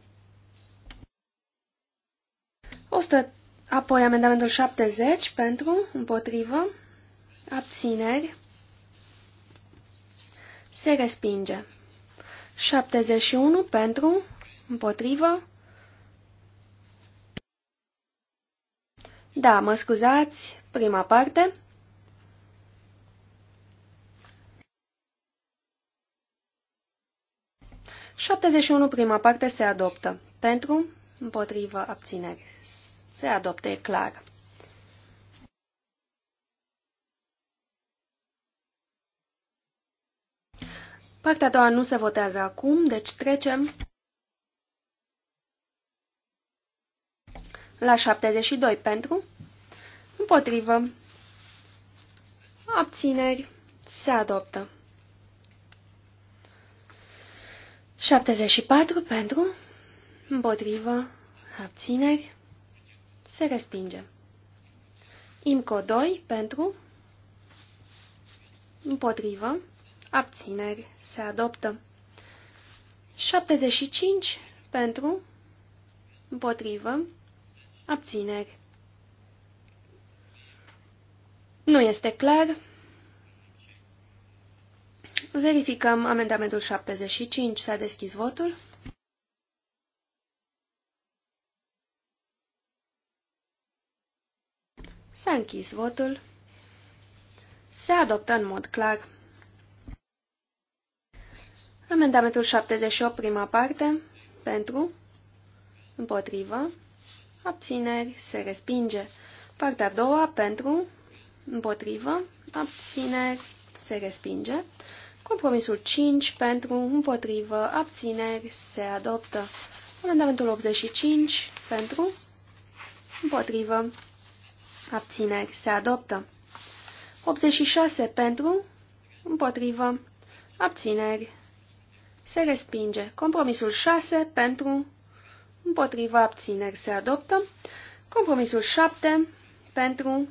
100 Apoi amendamentul 70 pentru, împotrivă, abțineri, se respinge. 71 pentru, împotrivă. Da, mă scuzați, prima parte. Șaptezeci prima parte se adoptă. Pentru, împotrivă, abțineri se adopte clar. Partea a doua nu se votează acum, deci trecem la 72 pentru, împotrivă, abțineri, se adoptă. 74 pentru, împotrivă, abțineri, se respinge. IMCO 2 pentru, împotrivă, abțineri, se adoptă. 75 pentru, împotrivă, abțineri. Nu este clar. Verificăm amendamentul 75. S-a deschis votul. S-a închis votul. Se adoptă în mod clar. Amendamentul 78, prima parte, pentru, împotrivă, abțineri, se respinge. Partea a doua, pentru, împotrivă, abțineri, se respinge. Compromisul 5, pentru, împotrivă, abțineri, se adoptă. Amendamentul 85, pentru, împotrivă, Abțineri se adoptă. 86 pentru, împotrivă, abțineri se respinge. Compromisul 6 pentru, împotriva abțineri se adoptă. Compromisul 7 pentru,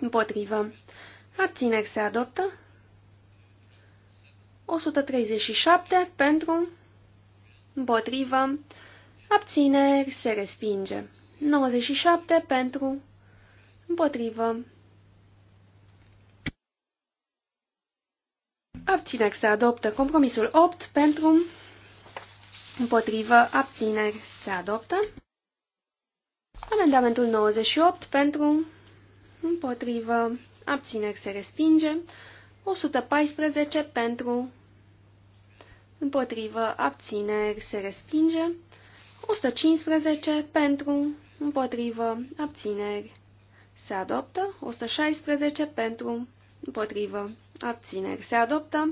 împotrivă, abțineri se adoptă. 137 pentru, împotrivă, abțineri se respinge. 97 pentru, împotrivă, abțineri se adoptă. Compromisul 8 pentru, împotrivă, abțineri se adoptă. Amendamentul 98 pentru, împotrivă, abțineri se respinge. 114 pentru, împotrivă, abțineri se respinge. 115 pentru, împotrivă, abțineri. Se adoptă 116 pentru, împotrivă, abțineri. Se adoptă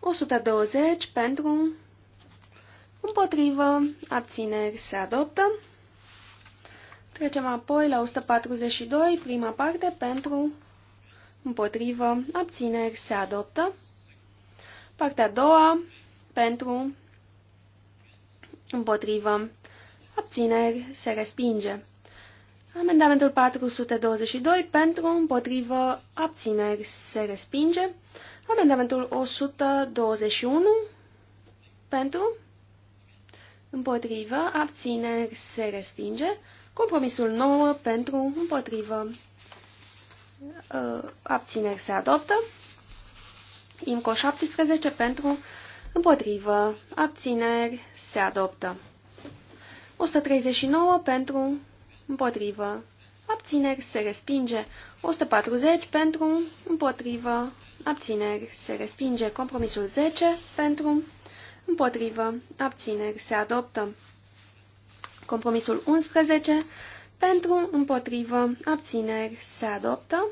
120 pentru, împotrivă, abțineri. Se adoptă. Trecem apoi la 142, prima parte, pentru, împotrivă, abțineri. Se adoptă. Partea a doua, pentru, împotrivă, Abțineri se respinge. Amendamentul 422 pentru, împotrivă, abțineri se respinge. Amendamentul 121 pentru, împotrivă, abțineri se respinge. Compromisul 9 uh, pentru, împotrivă, abțineri se adoptă. IMCO 17 pentru, împotrivă, abțineri se adoptă. 139 pentru, împotrivă, abțineri se respinge. 140 pentru, împotrivă, abțineri se respinge. Compromisul 10 pentru, împotrivă, abțineri se adoptă. Compromisul 11 pentru, împotrivă, abțineri se adoptă.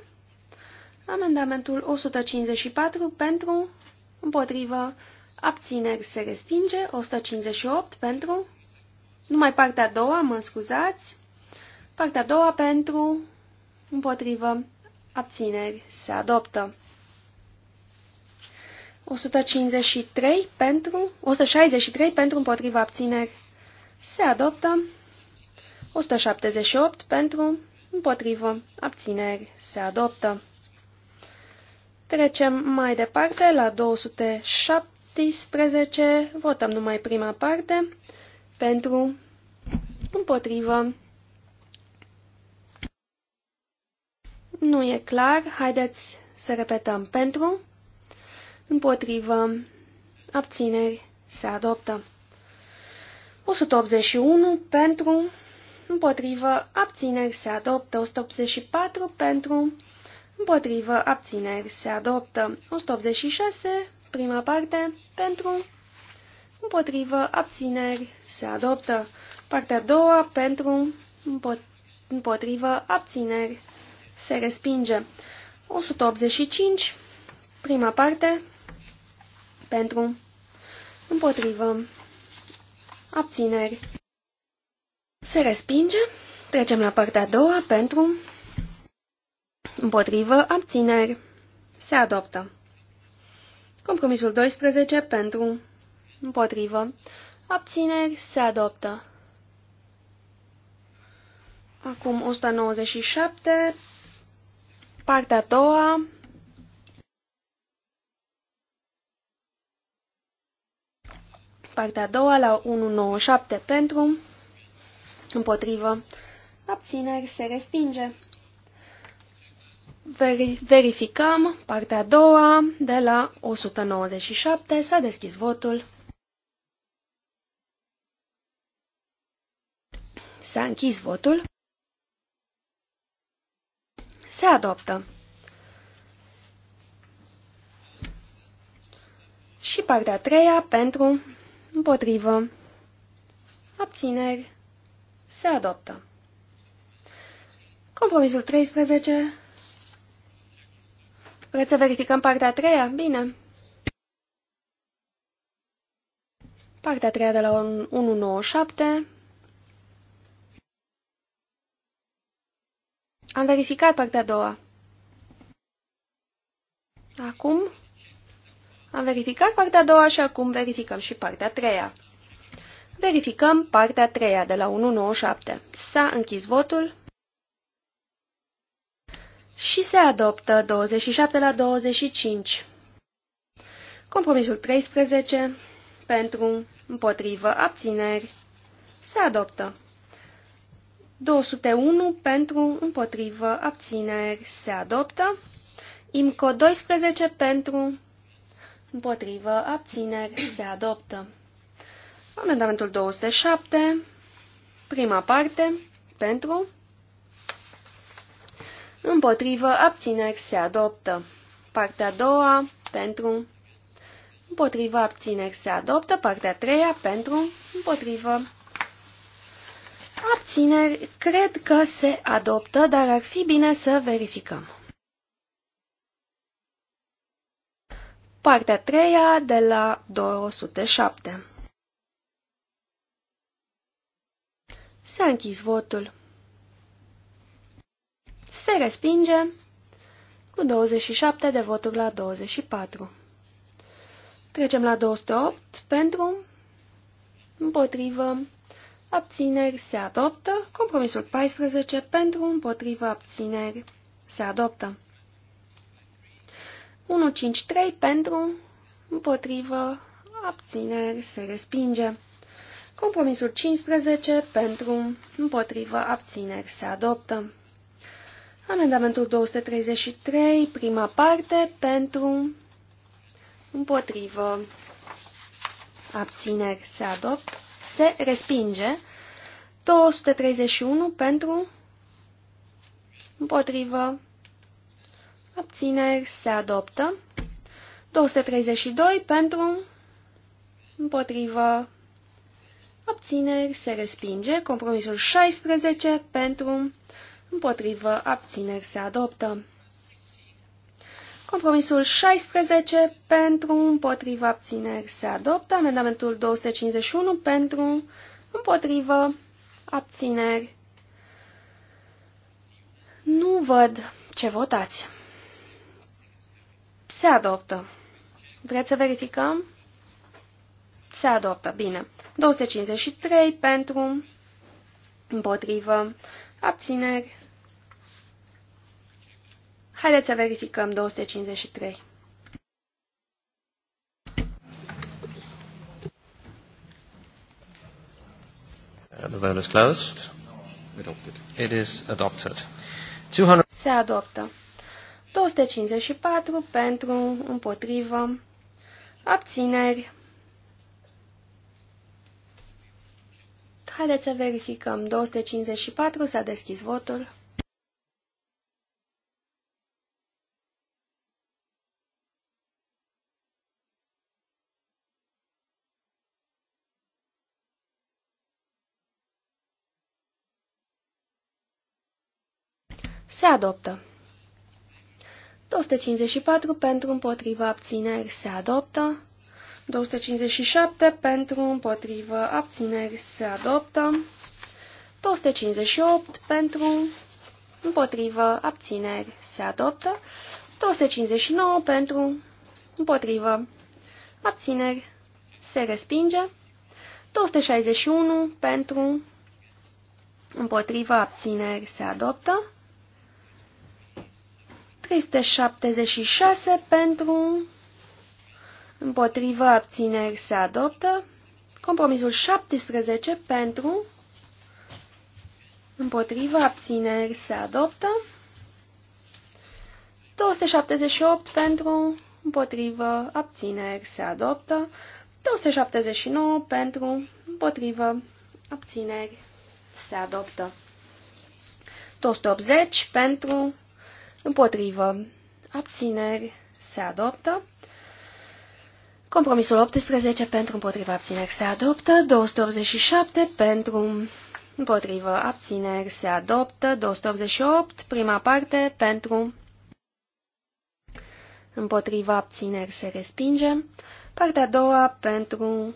Amendamentul 154 pentru, împotrivă, abțineri se respinge. 158 pentru, numai partea a doua, mă scuzați. Partea a doua pentru, împotrivă, abțineri se adoptă. 153 pentru, 163 pentru împotriva abțineri se adoptă. 178 pentru împotrivă abțineri se adoptă. Trecem mai departe la 217, votăm numai prima parte pentru, împotrivă, nu e clar, haideți să repetăm pentru, împotrivă, abțineri, se adoptă. 181 pentru, împotrivă, abțineri, se adoptă. 184 pentru, împotrivă, abțineri, se adoptă. 186, prima parte, pentru, împotrivă, abțineri, se adoptă. Partea a doua, pentru, împotrivă, abțineri, se respinge. 185, prima parte, pentru, împotrivă, abțineri, se respinge. Trecem la partea a doua, pentru, împotrivă, abțineri, se adoptă. Compromisul 12, pentru, Împotrivă. Abțineri. Se adoptă. Acum 197. Partea a doua. Partea a doua la 197 pentru. Împotrivă. Abțineri. Se respinge verificăm partea a doua de la 197. S-a deschis votul. S-a închis votul. Se adoptă. Și partea a treia pentru, împotrivă, abțineri, se adoptă. Compromisul 13. Vreți să verificăm partea a treia? Bine. Partea a treia de la 197. Am verificat partea a doua. Acum am verificat partea a doua și acum verificăm și partea a treia. Verificăm partea a treia de la 197. S-a închis votul și se adoptă 27 la 25. Compromisul 13 pentru împotrivă abțineri se adoptă. 201 pentru, împotrivă, abțineri se adoptă. IMCO 12 pentru, împotrivă, abțineri se adoptă. Amendamentul 207, prima parte, pentru, împotrivă, abțineri se adoptă. Partea a doua, pentru, împotrivă, abțineri se adoptă. Partea a treia, pentru, împotrivă, Abțineri, cred că se adoptă, dar ar fi bine să verificăm. Partea 3 de la 207 S-a închis votul. Se respinge cu 27 de voturi la 24. Trecem la 208 pentru, împotrivă, Abțineri se adoptă. Compromisul 14 pentru împotrivă abțineri se adoptă. 153 pentru împotrivă abțineri se respinge. Compromisul 15 pentru împotrivă abțineri se adoptă. Amendamentul 233, prima parte, pentru împotrivă abțineri se adoptă se respinge. 231 pentru, împotrivă, abțineri, se adoptă. 232 pentru, împotrivă, abțineri, se respinge. Compromisul 16 pentru, împotrivă, abțineri, se adoptă. Compromisul 16 pentru împotriva abțineri se adoptă. Amendamentul 251 pentru împotriva abțineri. Nu văd ce votați. Se adoptă. Vreți să verificăm? Se adoptă. Bine. 253 pentru împotrivă abțineri. Haideți să verificăm 253. The vote is closed. Adopted. It is adopted. 200... Se adoptă. 254 pentru, împotrivă, abțineri. Haideți să verificăm. 254 s-a deschis votul. Se adoptă. 254 pentru împotriva abțineri se adoptă. 257 pentru împotriva abțineri se adoptă. 258 pentru împotrivă, abțineri, se adoptă, 259 pentru, împotrivă, abțineri, se respinge, 261 pentru, împotrivă, abțineri, se adoptă, 376 pentru, împotrivă, abțineri se adoptă. Compromisul 17 pentru, împotrivă, abțineri se adoptă. 278 pentru, împotrivă, abțineri se adoptă. 279 pentru, împotrivă, abțineri se adoptă. 280 pentru, împotrivă, abțineri, se adoptă. Compromisul 18 pentru împotriva abțineri se adoptă, 287 pentru împotrivă abțineri se adoptă, 288 prima parte pentru împotriva abțineri se respinge, partea a doua pentru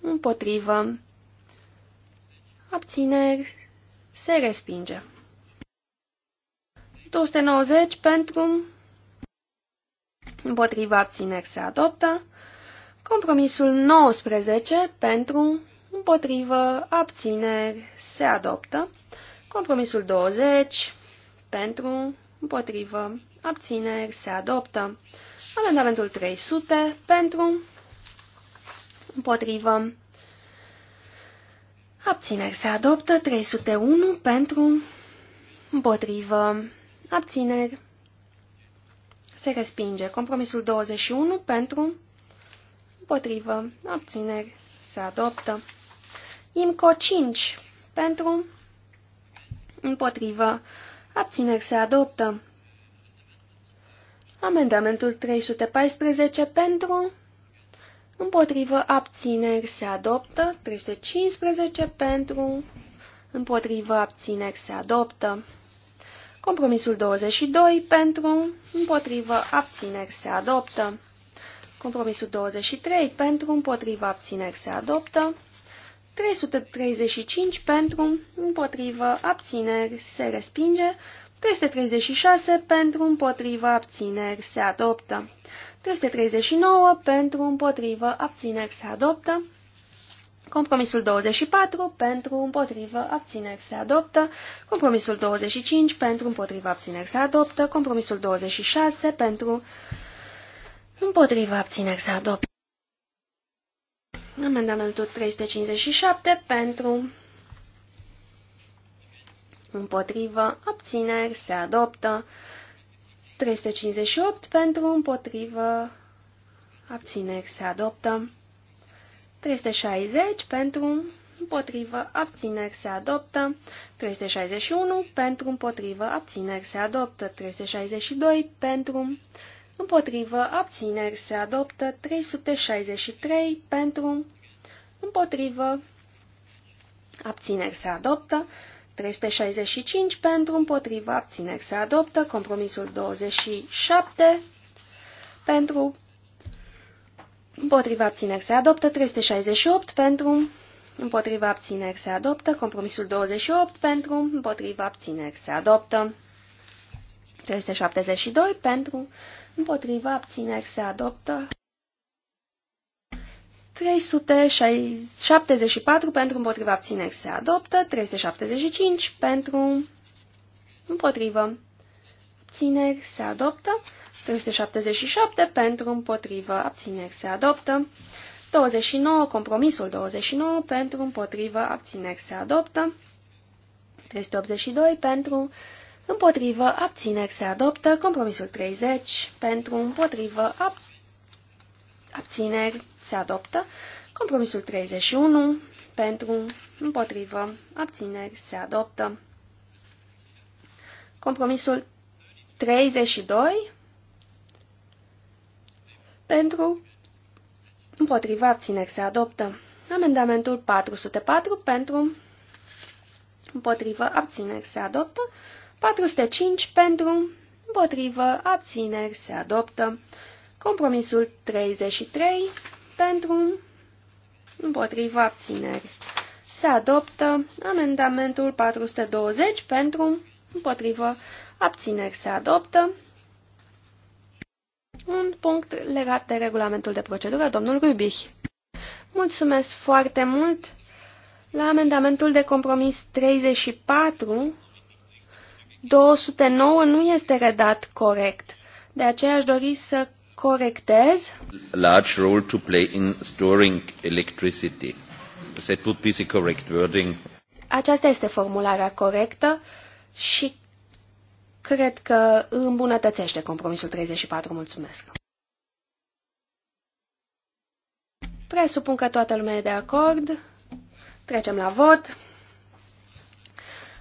împotrivă abțineri se respinge. 290 pentru, împotriva abțineri se adoptă. Compromisul 19 pentru, împotrivă, abțineri se adoptă. Compromisul 20 pentru, împotrivă, abțineri se adoptă. Amendamentul 300 pentru, împotrivă, abțineri se adoptă. 301 pentru, împotrivă, Abțineri. Se respinge. Compromisul 21 pentru. Împotrivă. Abțineri. Se adoptă. IMCO 5 pentru. Împotrivă. Abțineri. Se adoptă. Amendamentul 314 pentru. Împotrivă abțineri se adoptă. 315 pentru. Împotrivă abțineri se adoptă. Compromisul 22 pentru, împotrivă, abțineri se adoptă. Compromisul 23 pentru, împotrivă, abțineri se adoptă. 335 pentru, împotrivă, abțineri se respinge. 336 pentru, împotrivă, abțineri se adoptă. 339 pentru, împotrivă, abțineri se adoptă. Compromisul 24 pentru împotrivă abțineri se adoptă. Compromisul 25 pentru împotrivă abțineri se adoptă. Compromisul 26 pentru împotrivă abțineri se adoptă. Amendamentul 357 pentru împotrivă abțineri se adoptă. 358 pentru împotrivă abțineri se adoptă. 360 pentru împotrivă abțineri se adoptă, 361 pentru împotrivă abțineri se adoptă, 362 pentru împotrivă abțineri se adoptă, 363 pentru împotrivă abțineri se adoptă, 365 pentru împotrivă abțineri se adoptă, compromisul 27 pentru Împotriva abțineri se adoptă 368 pentru, împotriva abțineri se adoptă, compromisul 28 pentru, împotriva abțineri se adoptă, 372 pentru, împotriva abțineri se adoptă, 374 pentru, împotriva abțineri se adoptă, 375 pentru, împotriva abțineri se adoptă, 377 pentru, împotrivă, abțineri se adoptă. 29, compromisul 29 pentru, împotrivă, abțineri se adoptă. 382 pentru, împotrivă, abțineri se adoptă. Compromisul 30 pentru, împotrivă, ab abțineri se adoptă. Compromisul 31 pentru, împotrivă, abțineri se adoptă. Compromisul 32 pentru, împotriva abțineri se adoptă. Amendamentul 404 pentru, împotriva abțineri se adoptă. 405 pentru, împotriva abțineri se adoptă. Compromisul 33 pentru, împotriva abțineri se adoptă. Amendamentul 420 pentru, împotriva abțineri se adoptă. Un punct legat de regulamentul de procedură, domnul Rubich. Mulțumesc foarte mult! La amendamentul de compromis 34, 209 nu este redat corect. De aceea aș dori să corectez. Large role to play in storing electricity. correct wording. Aceasta este formularea corectă și cred că îmbunătățește compromisul 34. Mulțumesc! Presupun că toată lumea e de acord. Trecem la vot.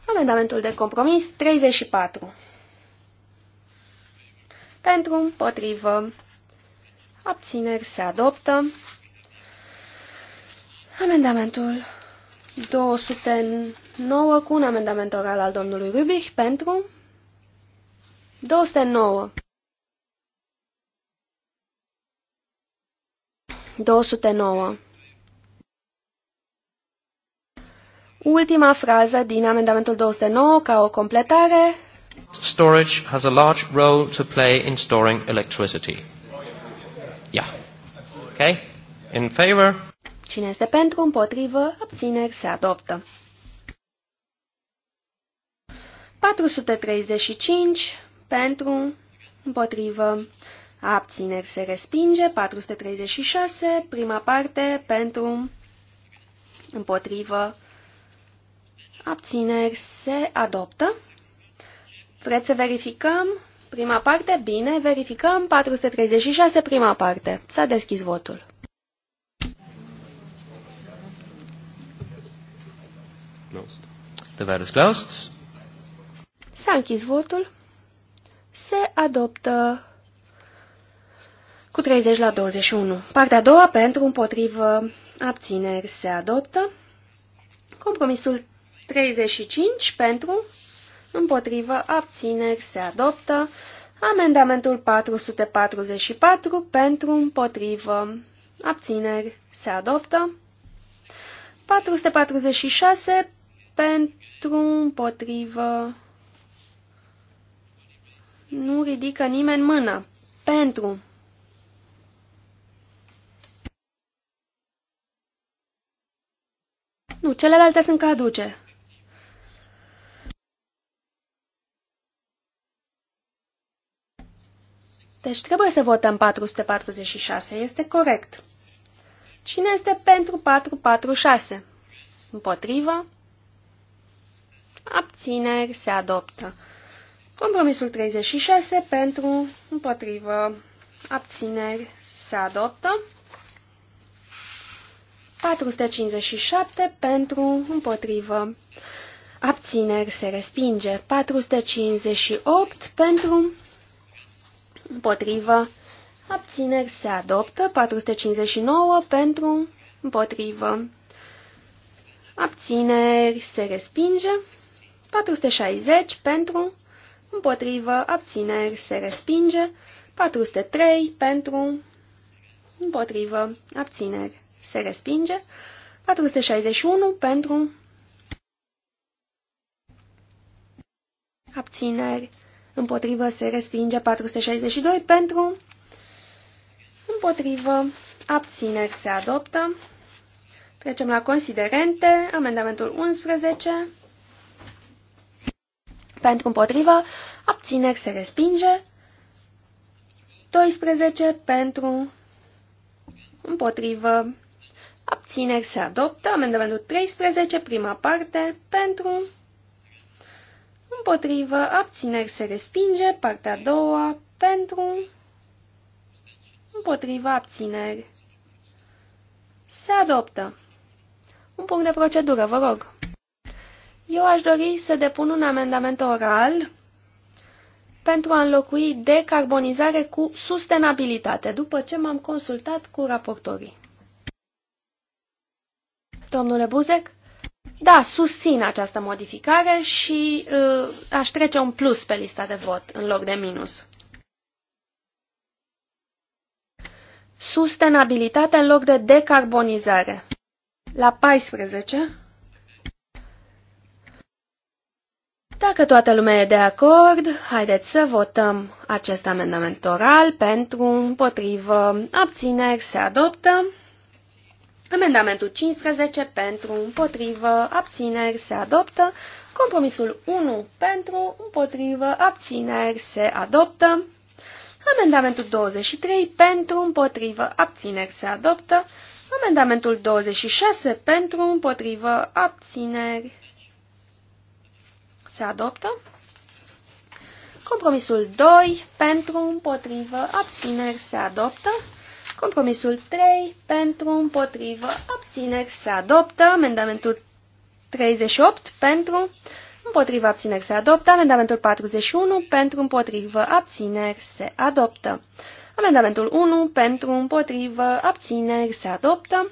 Amendamentul de compromis 34. Pentru, împotrivă, abțineri se adoptă. Amendamentul 209 cu un amendament oral al domnului Rubich pentru, 209. 209. Ultima frază din amendamentul 209 ca o completare. Storage has a large role to play in storing electricity. Yeah. Okay? In favor? Cine este pentru, împotrivă, abțineri, se adoptă. 435 pentru, împotrivă, abțineri se respinge, 436, prima parte, pentru, împotrivă, abțineri se adoptă. Vreți să verificăm? Prima parte, bine, verificăm 436, prima parte. S-a deschis votul. The vote is closed. S-a închis votul se adoptă cu 30 la 21. Partea a doua, pentru, împotrivă, abțineri, se adoptă. Compromisul 35, pentru, împotrivă, abțineri, se adoptă. Amendamentul 444, pentru, împotrivă, abțineri, se adoptă. 446, pentru, împotrivă, nu ridică nimeni mâna. Pentru. Nu, celelalte sunt caduce. Deci trebuie să votăm 446, este corect. Cine este pentru 446? Împotrivă? Abțineri se adoptă. Compromisul 36 pentru, împotrivă, abțineri se adoptă. 457 pentru, împotrivă, abțineri se respinge. 458 pentru, împotrivă, abțineri se adoptă. 459 pentru, împotrivă, abțineri se respinge. 460 pentru, împotrivă, abțineri, se respinge. 403 pentru, împotrivă, abțineri, se respinge. 461 pentru, abțineri, împotrivă, se respinge. 462 pentru, împotrivă, abțineri, se adoptă. Trecem la considerente, amendamentul 11 pentru împotrivă, abțineri se respinge. 12 pentru împotrivă, abțineri se adoptă. Amendamentul 13, prima parte, pentru împotrivă, abțineri se respinge. Partea a doua, pentru împotrivă, abțineri se adoptă. Un punct de procedură, vă rog. Eu aș dori să depun un amendament oral pentru a înlocui decarbonizare cu sustenabilitate, după ce m-am consultat cu raportorii. Domnule Buzec? Da, susțin această modificare și uh, aș trece un plus pe lista de vot în loc de minus. Sustenabilitate în loc de decarbonizare. La 14. Dacă toată lumea e de acord, haideți să votăm acest amendament oral pentru, împotrivă, abțineri, se adoptă. Amendamentul 15 pentru, împotrivă, abțineri, se adoptă. Compromisul 1 pentru, împotrivă, abțineri, se adoptă. Amendamentul 23 pentru, împotrivă, abțineri, se adoptă. Amendamentul 26 pentru, împotrivă, abțineri, se adoptă. Compromisul 2 pentru împotrivă abțineri se adoptă. Compromisul 3 pentru împotrivă abțineri se adoptă. Amendamentul 38 pentru împotrivă abțineri se adoptă. Amendamentul 41 pentru împotrivă abțineri se adoptă. Amendamentul 1 pentru împotrivă abțineri se adoptă.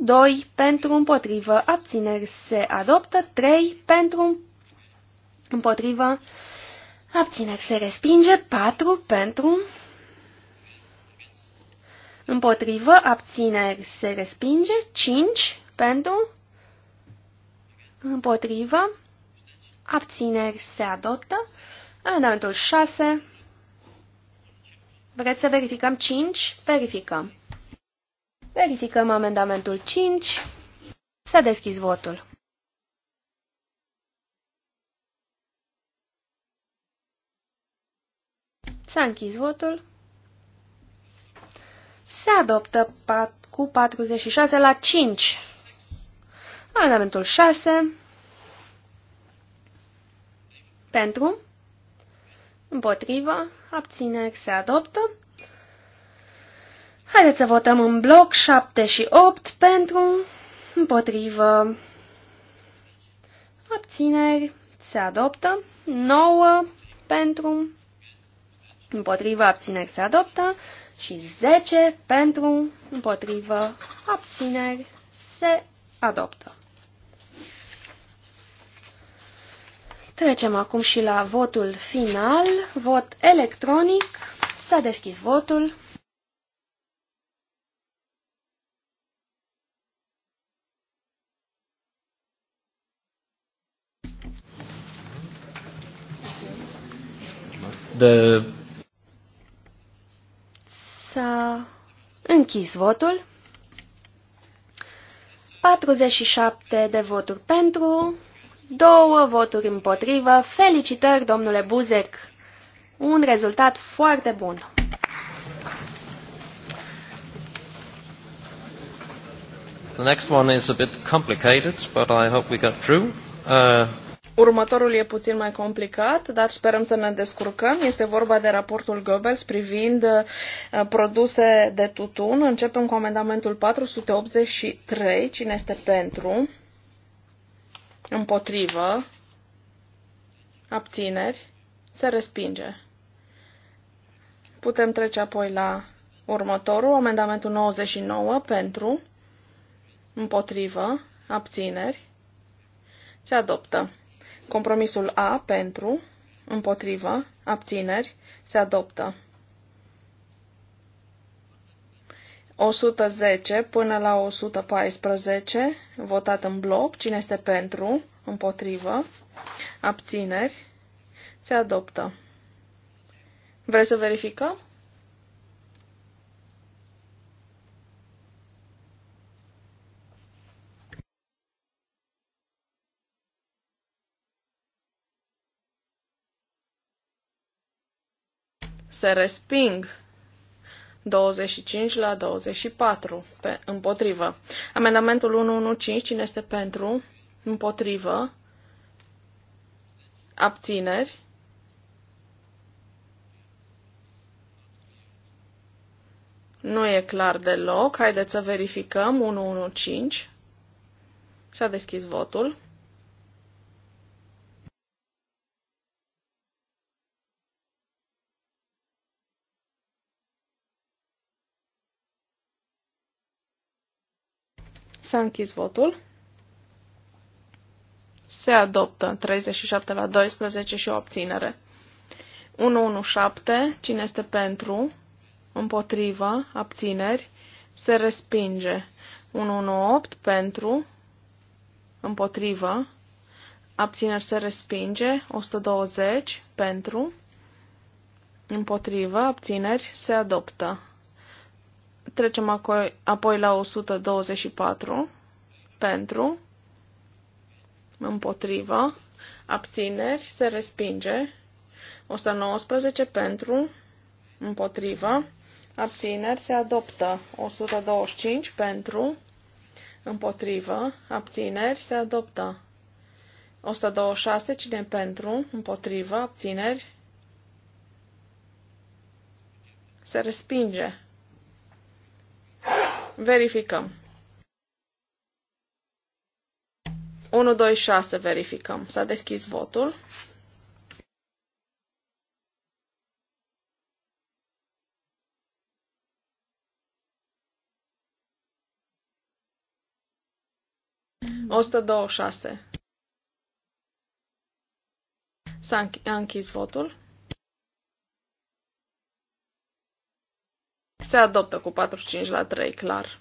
2 pentru împotrivă abțineri se adoptă. 3 pentru împotrivă, Împotrivă. Abțineri se respinge. 4 pentru. Împotrivă. Abțineri se respinge. 5 pentru. Împotrivă. Abțineri se adoptă. în altul 6. Vreți să verificăm 5? Verificăm. Verificăm amendamentul 5. S-a deschis votul. S-a închis votul. Se adoptă pat cu 46 la 5. Amendamentul 6. Pentru. Împotrivă. Abține. Se adoptă. Haideți să votăm în bloc 7 și 8 pentru, împotrivă, abțineri, se adoptă, 9 pentru, împotrivă, abțineri se adoptă și 10 pentru, împotrivă, abțineri se adoptă. Trecem acum și la votul final, vot electronic. S-a deschis votul. The S-a închis votul. 47 de voturi pentru, două voturi împotrivă. Felicitări, domnule Buzec! Un rezultat foarte bun! The next one is a bit complicated, but I hope we got through. Uh, Următorul e puțin mai complicat, dar sperăm să ne descurcăm. Este vorba de raportul Goebbels privind uh, produse de tutun. Începem cu amendamentul 483. Cine este pentru? Împotrivă? Abțineri? Se respinge. Putem trece apoi la următorul, amendamentul 99, pentru, împotrivă, abțineri, se adoptă. Compromisul A pentru, împotrivă, abțineri, se adoptă. 110 până la 114, votat în bloc, cine este pentru, împotrivă, abțineri, se adoptă. Vreți să verificăm? Se resping 25 la 24 pe, împotrivă. Amendamentul 115, cine este pentru? Împotrivă. Abțineri. Nu e clar deloc. Haideți să verificăm. 115. S-a deschis votul. S-a închis votul. Se adoptă 37 la 12 și o obținere. 117. Cine este pentru? Împotriva. Abțineri. Se respinge. 118. Pentru. Împotriva. Abțineri se respinge. 120. Pentru. Împotriva. Abțineri se adoptă. Trecem apoi, la 124 pentru, împotrivă, abțineri, se respinge. 119 pentru, împotrivă, abțineri, se adoptă. 125 pentru, împotrivă, abțineri, se adoptă. 126, cine pentru, împotrivă, abțineri, se respinge. Verificăm. 1, 2, 6 verificăm. S-a deschis votul. Osta două șase. S-a închis votul. Se adoptă cu 45 la 3, clar.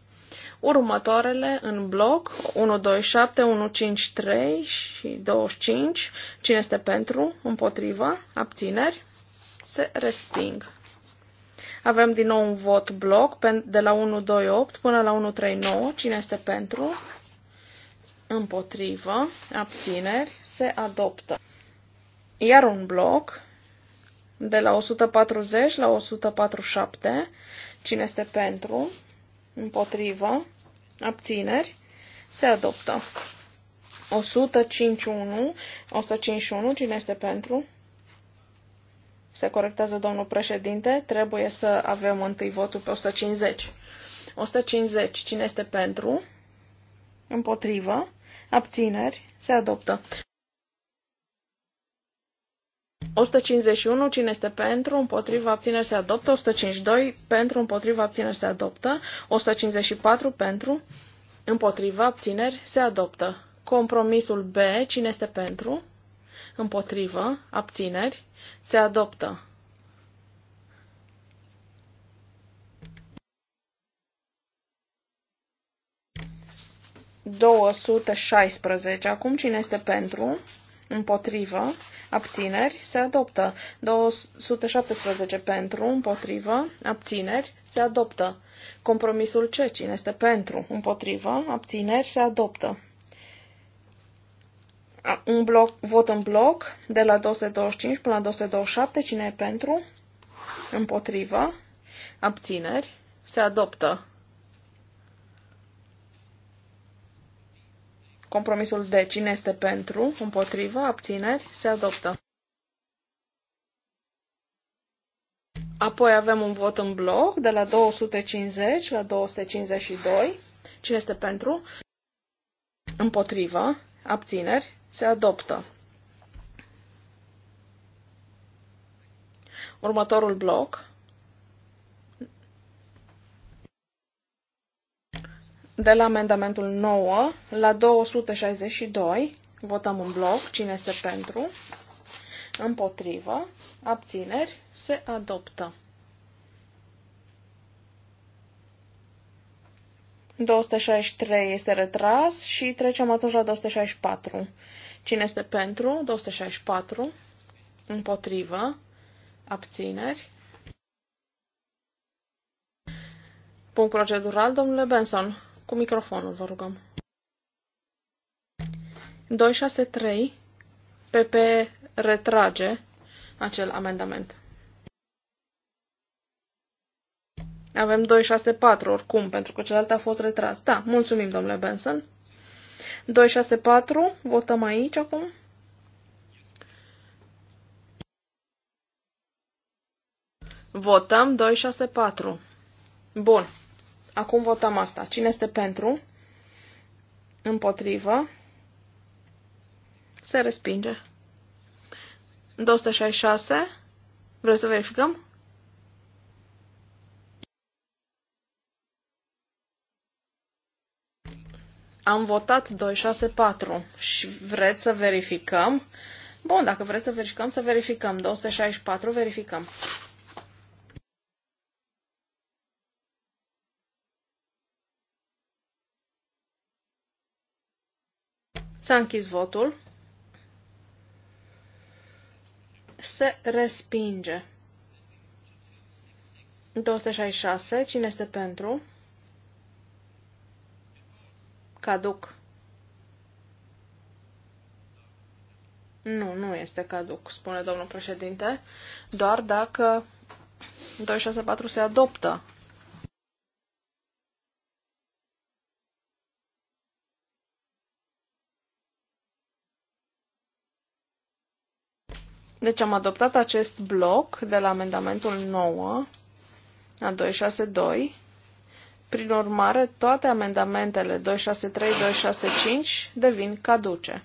Următoarele în bloc, 127, 153 și 25. Cine este pentru? Împotriva? Abțineri? Se resping. Avem din nou un vot bloc de la 128 până la 139. Cine este pentru? Împotrivă. Abțineri. Se adoptă. Iar un bloc de la 140 la 147. Cine este pentru? Împotrivă. Abțineri. Se adoptă. 151. 151. Cine este pentru? Se corectează domnul președinte. Trebuie să avem întâi votul pe 150. 150. Cine este pentru? Împotrivă. Abțineri. Se adoptă. 151, cine este pentru, împotriva, abțineri se adoptă. 152, pentru, împotriva, abțineri se adoptă. 154, pentru, împotriva, abțineri se adoptă. Compromisul B, cine este pentru, împotrivă, abțineri, se adoptă. șaisprezece. Acum cine este pentru? Împotrivă abțineri, se adoptă. 217 pentru, împotrivă, abțineri, se adoptă. Compromisul ce? cine este pentru, împotrivă, abțineri, se adoptă. Un bloc, vot în bloc, de la 225 până la 227, cine e pentru, împotrivă, abțineri, se adoptă. Compromisul de Cine este pentru? Împotrivă? Abțineri? Se adoptă. Apoi avem un vot în bloc de la 250 la 252. Cine este pentru? Împotrivă? Abțineri? Se adoptă. Următorul bloc de la amendamentul 9 la 262. Votăm în bloc. Cine este pentru? Împotrivă. Abțineri. Se adoptă. 263 este retras și trecem atunci la 264. Cine este pentru? 264. Împotrivă. Abțineri. Punct procedural, domnule Benson cu microfonul, vă rugăm. 263 PP retrage acel amendament. Avem 264 oricum, pentru că celălalt a fost retras. Da, mulțumim, domnule Benson. 264, votăm aici acum. Votăm 264. Bun. Acum votăm asta. Cine este pentru? Împotrivă. Se respinge. 266. Vreți să verificăm? Am votat 264 și vreți să verificăm? Bun, dacă vreți să verificăm, să verificăm. 264 verificăm. S-a închis votul. Se respinge. 266. Cine este pentru? Caduc. Nu, nu este caduc, spune domnul președinte, doar dacă 264 se adoptă. Deci am adoptat acest bloc de la amendamentul 9 la 262. Prin urmare, toate amendamentele 263, 265 devin caduce.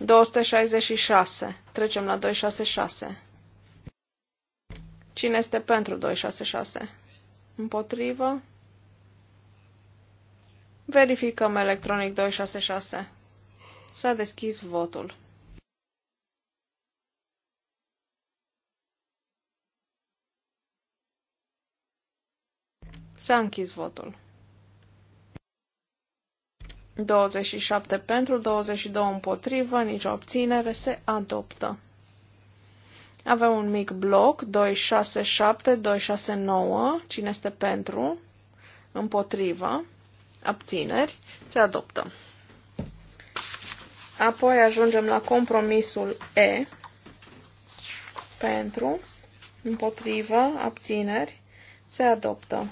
...266. Trecem la 266. Cine este pentru 266? Împotrivă? Verificăm electronic 266. S-a deschis votul. S-a închis votul. 27 pentru, 22 împotrivă, nicio obținere, se adoptă. Avem un mic bloc, 267, 269, cine este pentru, împotrivă, abțineri, se adoptă. Apoi ajungem la compromisul E pentru, împotrivă, abțineri, se adoptă.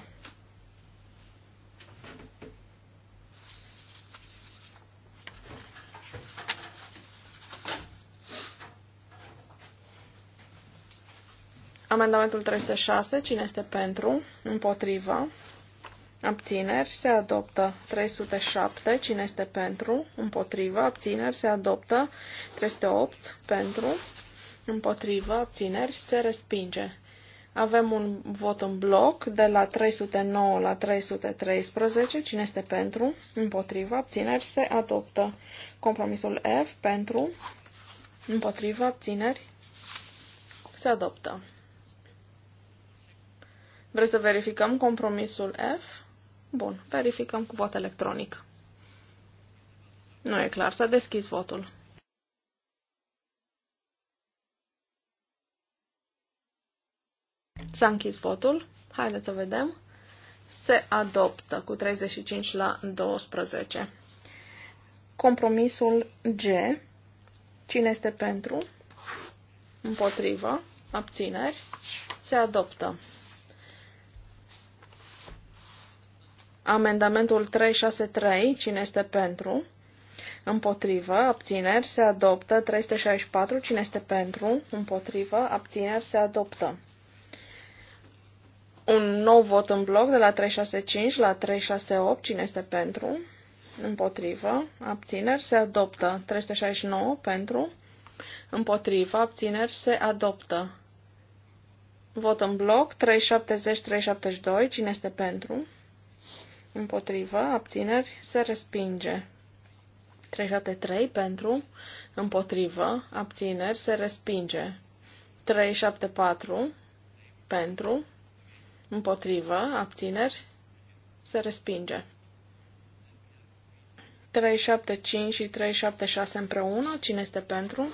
Amendamentul 306, cine este pentru, împotrivă, Abțineri se adoptă 307, cine este pentru, împotrivă, abțineri se adoptă 308, pentru, împotrivă, abțineri se respinge. Avem un vot în bloc de la 309 la 313, cine este pentru, împotrivă, abțineri se adoptă. Compromisul F pentru, împotrivă, abțineri se adoptă. Vreți să verificăm compromisul F? Bun, verificăm cu vot electronic. Nu e clar, s-a deschis votul. S-a închis votul. Haideți să vedem. Se adoptă cu 35 la 12. Compromisul G. Cine este pentru? Împotrivă. Abțineri. Se adoptă. Amendamentul 363, cine este pentru? Împotrivă, abțineri, se adoptă. 364, cine este pentru? Împotrivă, abțineri, se adoptă. Un nou vot în bloc de la 365 la 368, cine este pentru? Împotrivă, abțineri, se adoptă. 369, pentru? Împotrivă, abțineri, se adoptă. Vot în bloc 370-372, cine este pentru? împotrivă, abțineri, se respinge. 373 pentru, împotrivă, abțineri, se respinge. 374 pentru, împotrivă, abțineri, se respinge. 375 și 376 împreună, cine este pentru?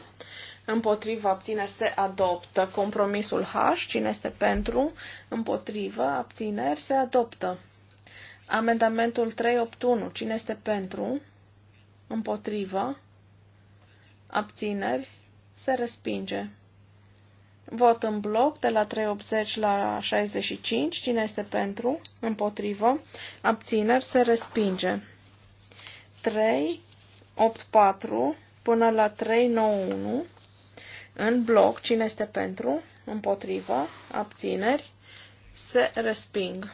Împotrivă, abțineri, se adoptă. Compromisul H, cine este pentru? Împotrivă, abțineri, se adoptă. Amendamentul 381. Cine este pentru? Împotrivă? Abțineri? Se respinge. Vot în bloc de la 380 la 65. Cine este pentru? Împotrivă? Abțineri? Se respinge. 384 până la 391. În bloc. Cine este pentru? Împotrivă? Abțineri? Se resping.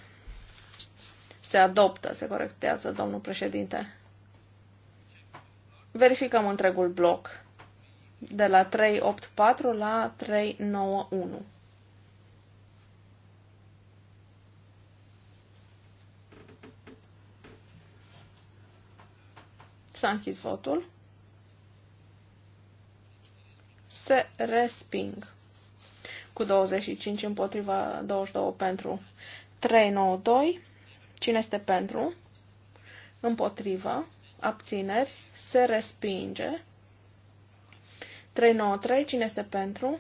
Se adoptă, se corectează, domnul președinte. Verificăm întregul bloc. De la 384 la 391. S-a închis votul. Se resping cu 25 împotriva 22 pentru 392 Cine este pentru? Împotrivă. Abțineri. Se respinge. 393. Cine este pentru?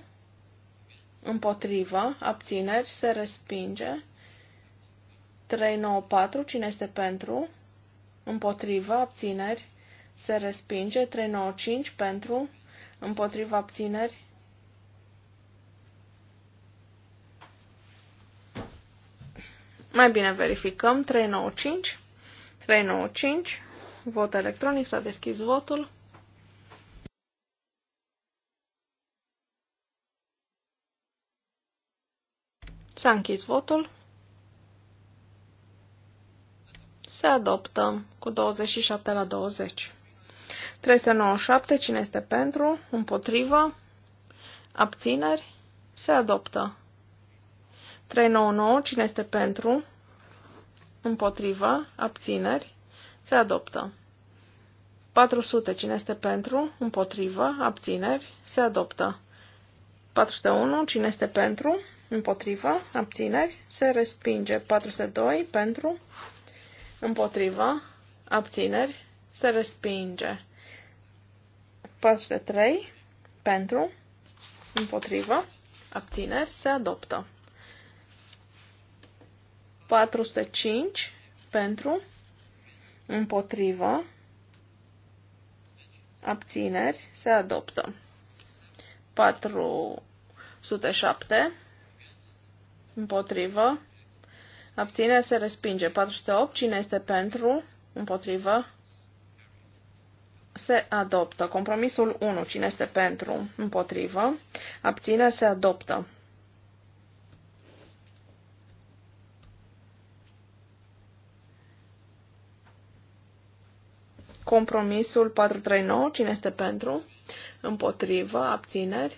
Împotrivă. Abțineri. Se respinge. 394. Cine este pentru? Împotrivă. Abțineri. Se respinge. 395. Pentru. Împotrivă. Abțineri. Mai bine verificăm. 395. 395. Vot electronic. S-a deschis votul. S-a închis votul. Se adoptă cu 27 la 20. 397. Cine este pentru? Împotrivă? Abțineri? Se adoptă. 399, cine este pentru? Împotrivă, abțineri, se adoptă. 400, cine este pentru? Împotrivă, abțineri, se adoptă. 401, cine este pentru? Împotrivă, abțineri, se respinge. 402, pentru? Împotrivă, abțineri, se respinge. 403, pentru? Împotrivă, abțineri, se adoptă. 405 pentru, împotrivă, abțineri, se adoptă. 407 împotrivă, abțineri, se respinge. 408, cine este pentru, împotrivă, se adoptă. Compromisul 1, cine este pentru, împotrivă, abțineri, se adoptă. Compromisul 439, cine este pentru? Împotrivă, abțineri,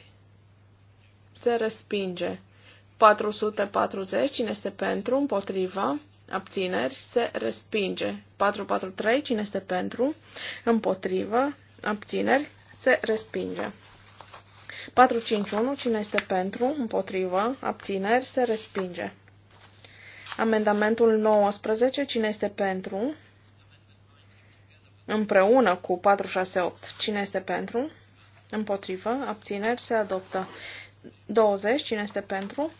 se respinge. 440, cine este pentru? Împotrivă, abțineri, se respinge. 443, cine este pentru? Împotrivă, abțineri, se respinge. 451, cine este pentru? Împotrivă, abțineri, se respinge. Amendamentul 19, cine este pentru? împreună cu 468. Cine este pentru? Împotrivă. Abțineri se adoptă. 20. Cine este pentru?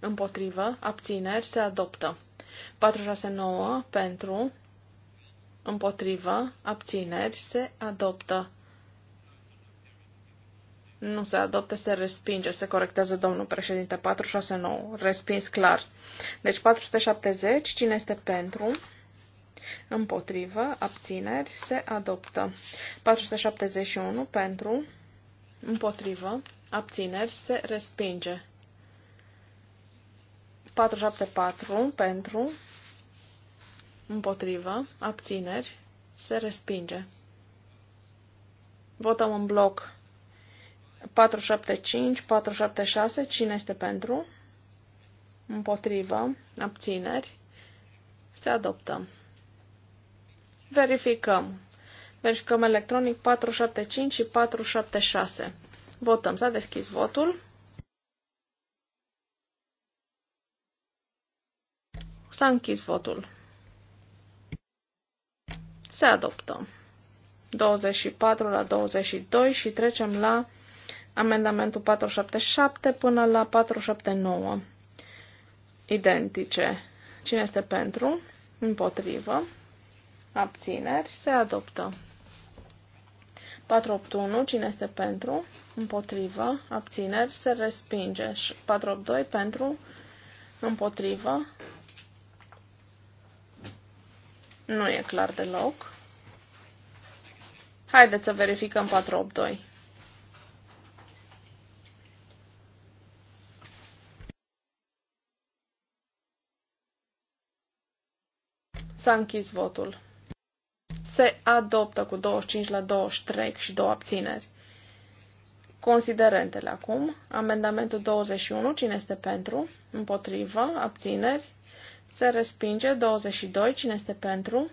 Împotrivă. Abțineri se adoptă. 469 pentru. Împotrivă. Abțineri se adoptă. Nu se adoptă, se respinge, se corectează domnul președinte 469. Respins clar. Deci 470. Cine este pentru? Împotrivă, abțineri, se adoptă. 471 pentru, împotrivă, abțineri, se respinge. 474 pentru, împotrivă, abțineri, se respinge. Votăm în bloc 475, 476, cine este pentru? Împotrivă, abțineri, se adoptă. Verificăm. Verificăm electronic 475 și 476. Votăm. S-a deschis votul. S-a închis votul. Se adoptă. 24 la 22 și trecem la amendamentul 477 până la 479. Identice. Cine este pentru? Împotrivă abțineri, se adoptă. 481, cine este pentru, împotrivă, abțineri, se respinge. 482, pentru, împotrivă, nu e clar deloc. Haideți să verificăm 482. S-a închis votul se adoptă cu 25 la 23 și 2 abțineri. Considerentele acum. Amendamentul 21, cine este pentru? Împotrivă, abțineri. Se respinge 22, cine este pentru?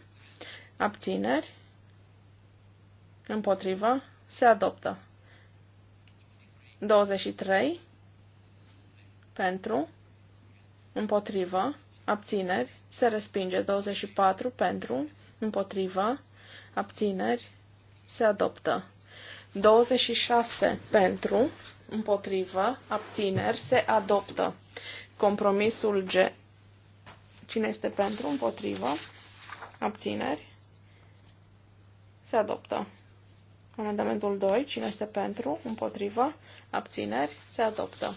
Abțineri. Împotrivă, se adoptă. 23, pentru, împotrivă, abțineri, se respinge 24 pentru, împotrivă, abțineri, se adoptă. 26 pentru, împotrivă, abțineri, se adoptă. Compromisul G. Cine este pentru, împotrivă, abțineri, se adoptă. Amendamentul 2. Cine este pentru, împotrivă, abțineri, se adoptă.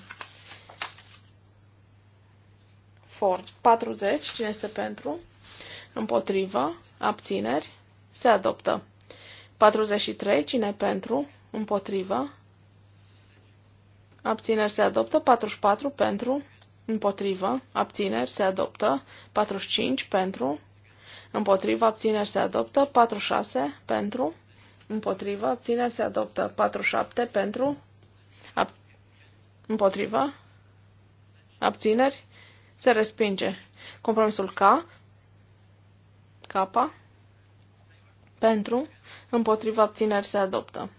40. Cine este pentru, împotrivă, abțineri, se adoptă. 43. Cine pentru? Împotrivă. Abțineri se adoptă. 44. Pentru. Împotrivă. Abțineri se adoptă. 45. Pentru. Împotrivă. Abțineri se adoptă. 46. Pentru. Împotrivă. Abțineri se adoptă. 47. Pentru. Ab... Împotrivă. Abțineri. Se respinge. Compromisul K. Kappa. Pentru. Împotriva abțineri se adoptă.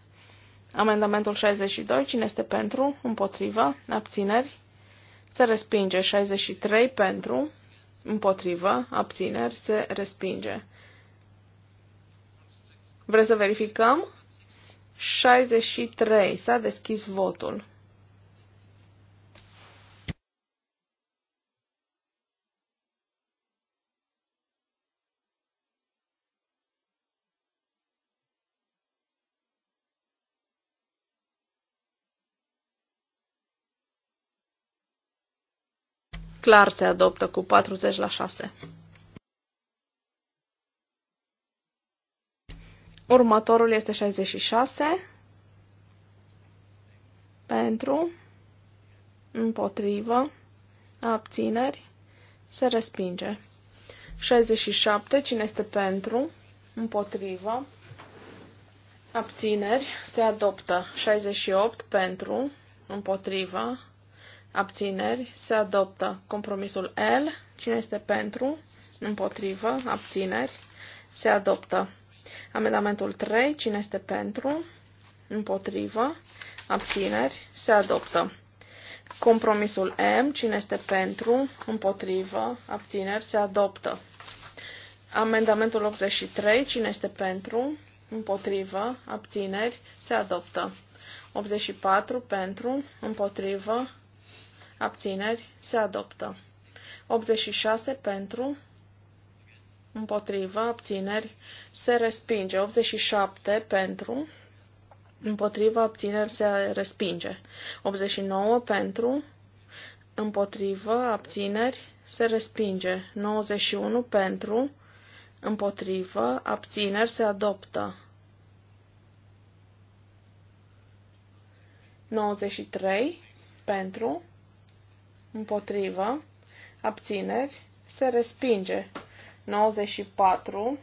Amendamentul 62. Cine este pentru? Împotriva. Abțineri. Se respinge. 63. Pentru. Împotrivă. Abțineri. Se respinge. Vreți să verificăm? 63. S-a deschis votul. clar se adoptă cu 40 la 6. Următorul este 66 pentru, împotrivă, abțineri, se respinge. 67. Cine este pentru, împotrivă, abțineri, se adoptă. 68. Pentru, împotrivă, abțineri, se adoptă. Compromisul L, cine este pentru, împotrivă, abțineri, se adoptă. Amendamentul 3, cine este pentru, împotrivă, abțineri, se adoptă. Compromisul M, cine este pentru, împotrivă, abțineri, se adoptă. Amendamentul 83, cine este pentru, împotrivă, abțineri, se adoptă. 84 pentru, împotrivă, abțineri, se adoptă. 86 pentru, împotrivă, abțineri, se respinge. 87 pentru, împotrivă, abțineri, se respinge. 89 pentru, împotrivă, abțineri, se respinge. 91 pentru, împotrivă, abțineri, se adoptă. 93 pentru, împotrivă, abțineri, se respinge. 94,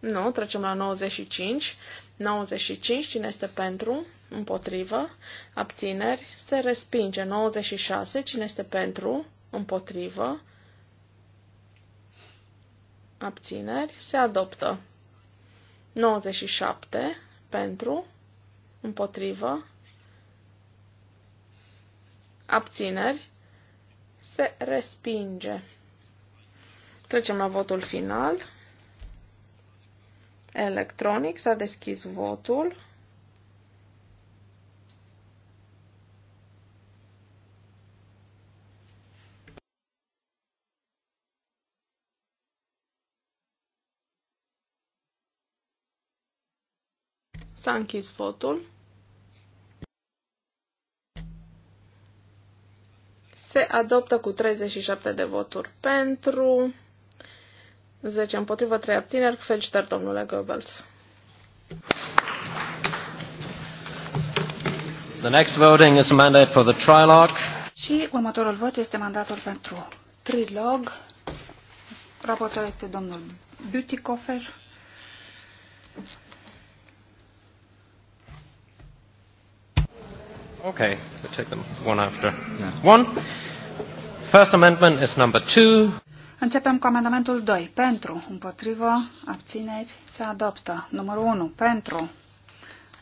nu, trecem la 95, 95, cine este pentru, împotrivă, abțineri, se respinge. 96, cine este pentru, împotrivă, abțineri, se adoptă. 97, pentru, împotrivă, abțineri, se respinge. Trecem la votul final. Electronic s-a deschis votul. S-a închis votul. se adoptă cu 37 de voturi pentru, 10 împotrivă, 3 abțineri. Felicitări, domnule Goebbels. The next voting is a mandate for the trilogue. Și următorul vot este mandatul pentru trilog. Raportul este domnul Butikofer. Okay, we'll take them one after. Yeah. One. First amendment is number two. Începem cu amendamentul 2. Pentru, împotrivă, abțineri, se adoptă. Numărul 1. Pentru,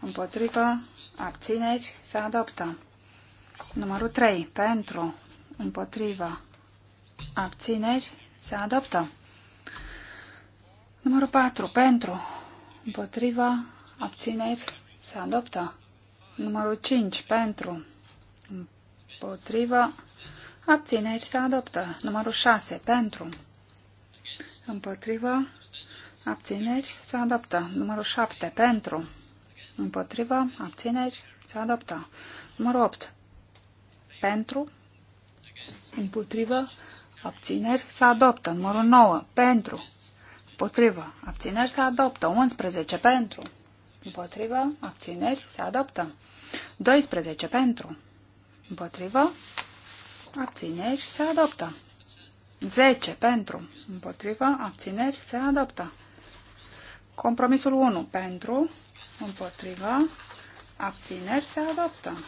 împotrivă, abțineri, se adoptă. Numărul 3. Pentru, împotrivă, abțineri, se adoptă. Numărul 4. Pentru, împotrivă, abțineri, se adoptă. Numărul 5 pentru împotrivă abțineri se adoptă. Numărul 6 pentru împotrivă abțineri se adoptă. Numărul 7 pentru împotrivă abțineri se adoptă. Numărul 8 pentru împotrivă abțineri se adoptă. Numărul 9 pentru împotrivă abțineri se adoptă. 11 pentru Împotrivă. Abțineri. Se adoptă. 12 pentru. Împotrivă. Abțineri. Se adoptă. 10 pentru. Împotrivă. Abțineri. Se adoptă. Compromisul 1 pentru. Împotrivă. Abțineri. Se adoptă.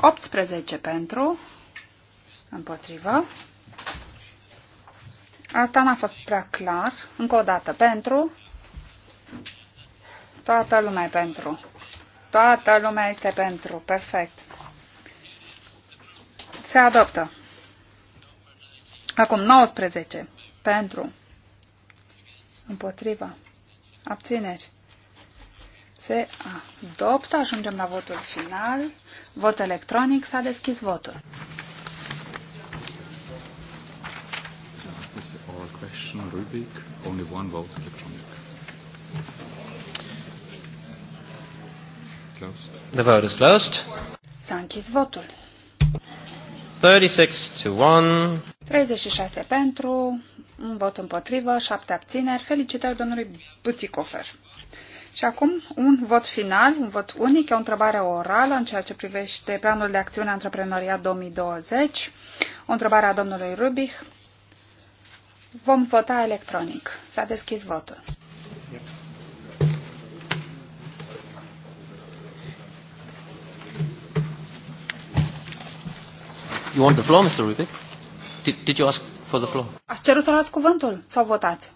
18 pentru. Împotrivă. Asta n-a fost prea clar. Încă o dată. Pentru. Toată lumea e pentru. Toată lumea este pentru. Perfect. Se adoptă. Acum 19. Pentru. Împotriva. Abțineri. Se adoptă. Ajungem la votul final. Vot electronic. S-a deschis votul. question, Rubik. Only one vote electronic closed. The vote is closed. S-a închis votul. 36 to 1. 36 pentru, un vot împotrivă, 7 abțineri. Felicitări domnului Buticofer. Și acum un vot final, un vot unic, e o întrebare orală în ceea ce privește planul de acțiune antreprenoriat 2020, o întrebare a domnului Rubich. Vom vota electronic. S-a deschis votul. You want the floor, Mr. Rubik? Did, did you ask for the floor? Ați cerut să luați cuvântul sau votați?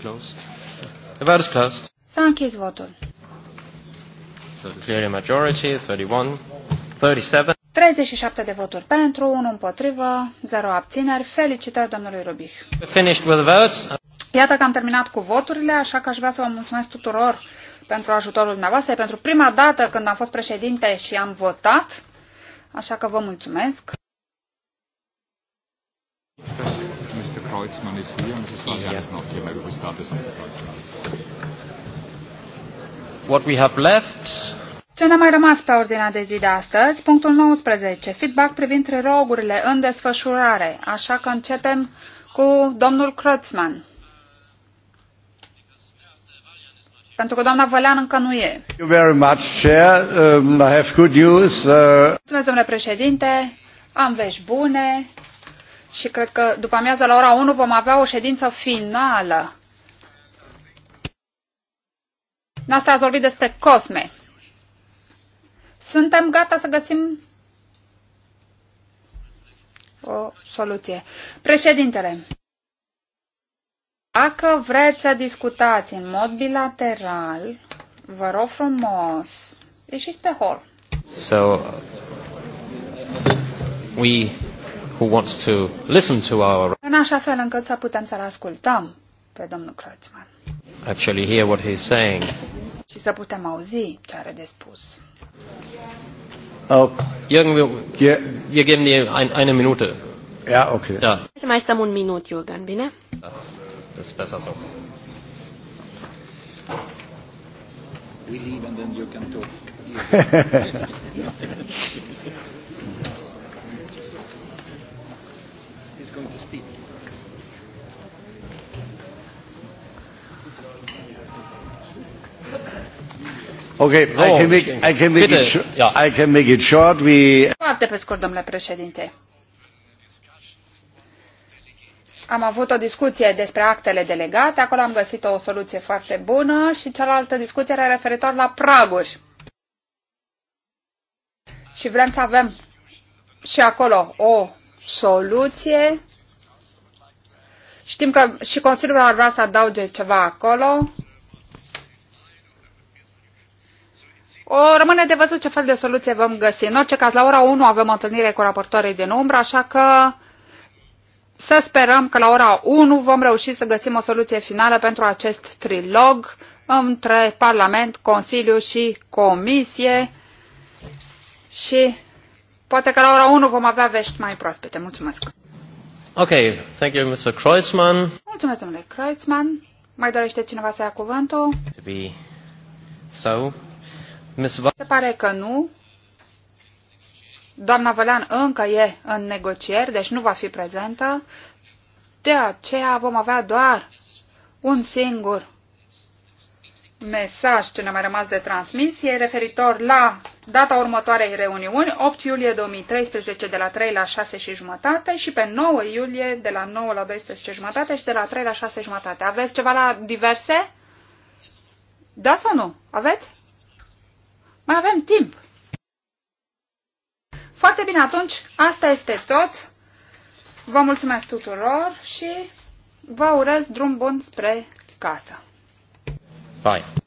closed. The vote is closed. S-a închis votul. So Clearly majority, 31, 37. 37 de voturi pentru, 1 împotrivă, 0 abțineri. Felicitări domnului Rubik. Rubich. Finished with the votes. Iată că am terminat cu voturile, așa că aș vrea să vă mulțumesc tuturor pentru ajutorul dumneavoastră. E pentru prima dată când am fost președinte și am votat, așa că vă mulțumesc. Kreuzmann ist Kreutzmann is here, Mrs. Valian yeah. noch hier, weil du bist da, das Mr. Kreuzmann. What we have left... Ce ne-a mai rămas pe ordinea de zi de astăzi? Punctul 19. Feedback privind rogurile în desfășurare. Așa că începem cu domnul Kreutzmann. pentru că doamna Vălean încă nu e. Thank you very much, Chair. Um, I have good news. Uh... Mulțumesc, domnule președinte. Am vești bune și cred că după amiază la ora 1 vom avea o ședință finală. Noastră ați vorbit despre Cosme. Suntem gata să găsim o soluție. Președintele, dacă vreți să discutați în mod bilateral, vă rog frumos, ieșiți pe hol. So, we who wants to listen to our... În așa fel încât să putem să-l ascultăm pe domnul Kreutzmann. Actually hear what he's saying. Și să putem auzi ce are de spus. Oh. Jürgen, wir, yeah. wir geben dir ein, eine Minute. Ja, yeah, okay. Da. Să mai stăm un minut, Jürgen, bine? Da. Das ist besser so. We leave and then you can talk. <laughs> Okay, so, oh, I can make, I can make, Bitte, it, I can make it short. We... Foarte pe scurt, domnule președinte. Am avut o discuție despre actele delegate, acolo am găsit o soluție foarte bună și cealaltă discuție era referitor la praguri. Și vrem să avem și acolo o soluție. Știm că și Consiliul ar vrea să adauge ceva acolo O rămâne de văzut ce fel de soluție vom găsi. În orice caz, la ora 1 avem o întâlnire cu raportorii din umbră, așa că să sperăm că la ora 1 vom reuși să găsim o soluție finală pentru acest trilog între Parlament, Consiliu și Comisie și poate că la ora 1 vom avea vești mai proaspete. Mulțumesc! Ok, thank you, Mr. Kreuzmann. Mulțumesc, domnule Kreuzmann. Mai dorește cineva să ia cuvântul? To be so. Se pare că nu. Doamna Vălean încă e în negocieri, deci nu va fi prezentă. De aceea vom avea doar un singur mesaj ce ne-a mai rămas de transmisie referitor la data următoarei reuniuni, 8 iulie 2013 de la 3 la 6 și jumătate și pe 9 iulie de la 9 la 12 jumătate și de la 3 la 6 jumătate. Aveți ceva la diverse? Da sau nu? Aveți? Mai avem timp. Foarte bine, atunci asta este tot. Vă mulțumesc tuturor și vă urez drum bun spre casă. Bye.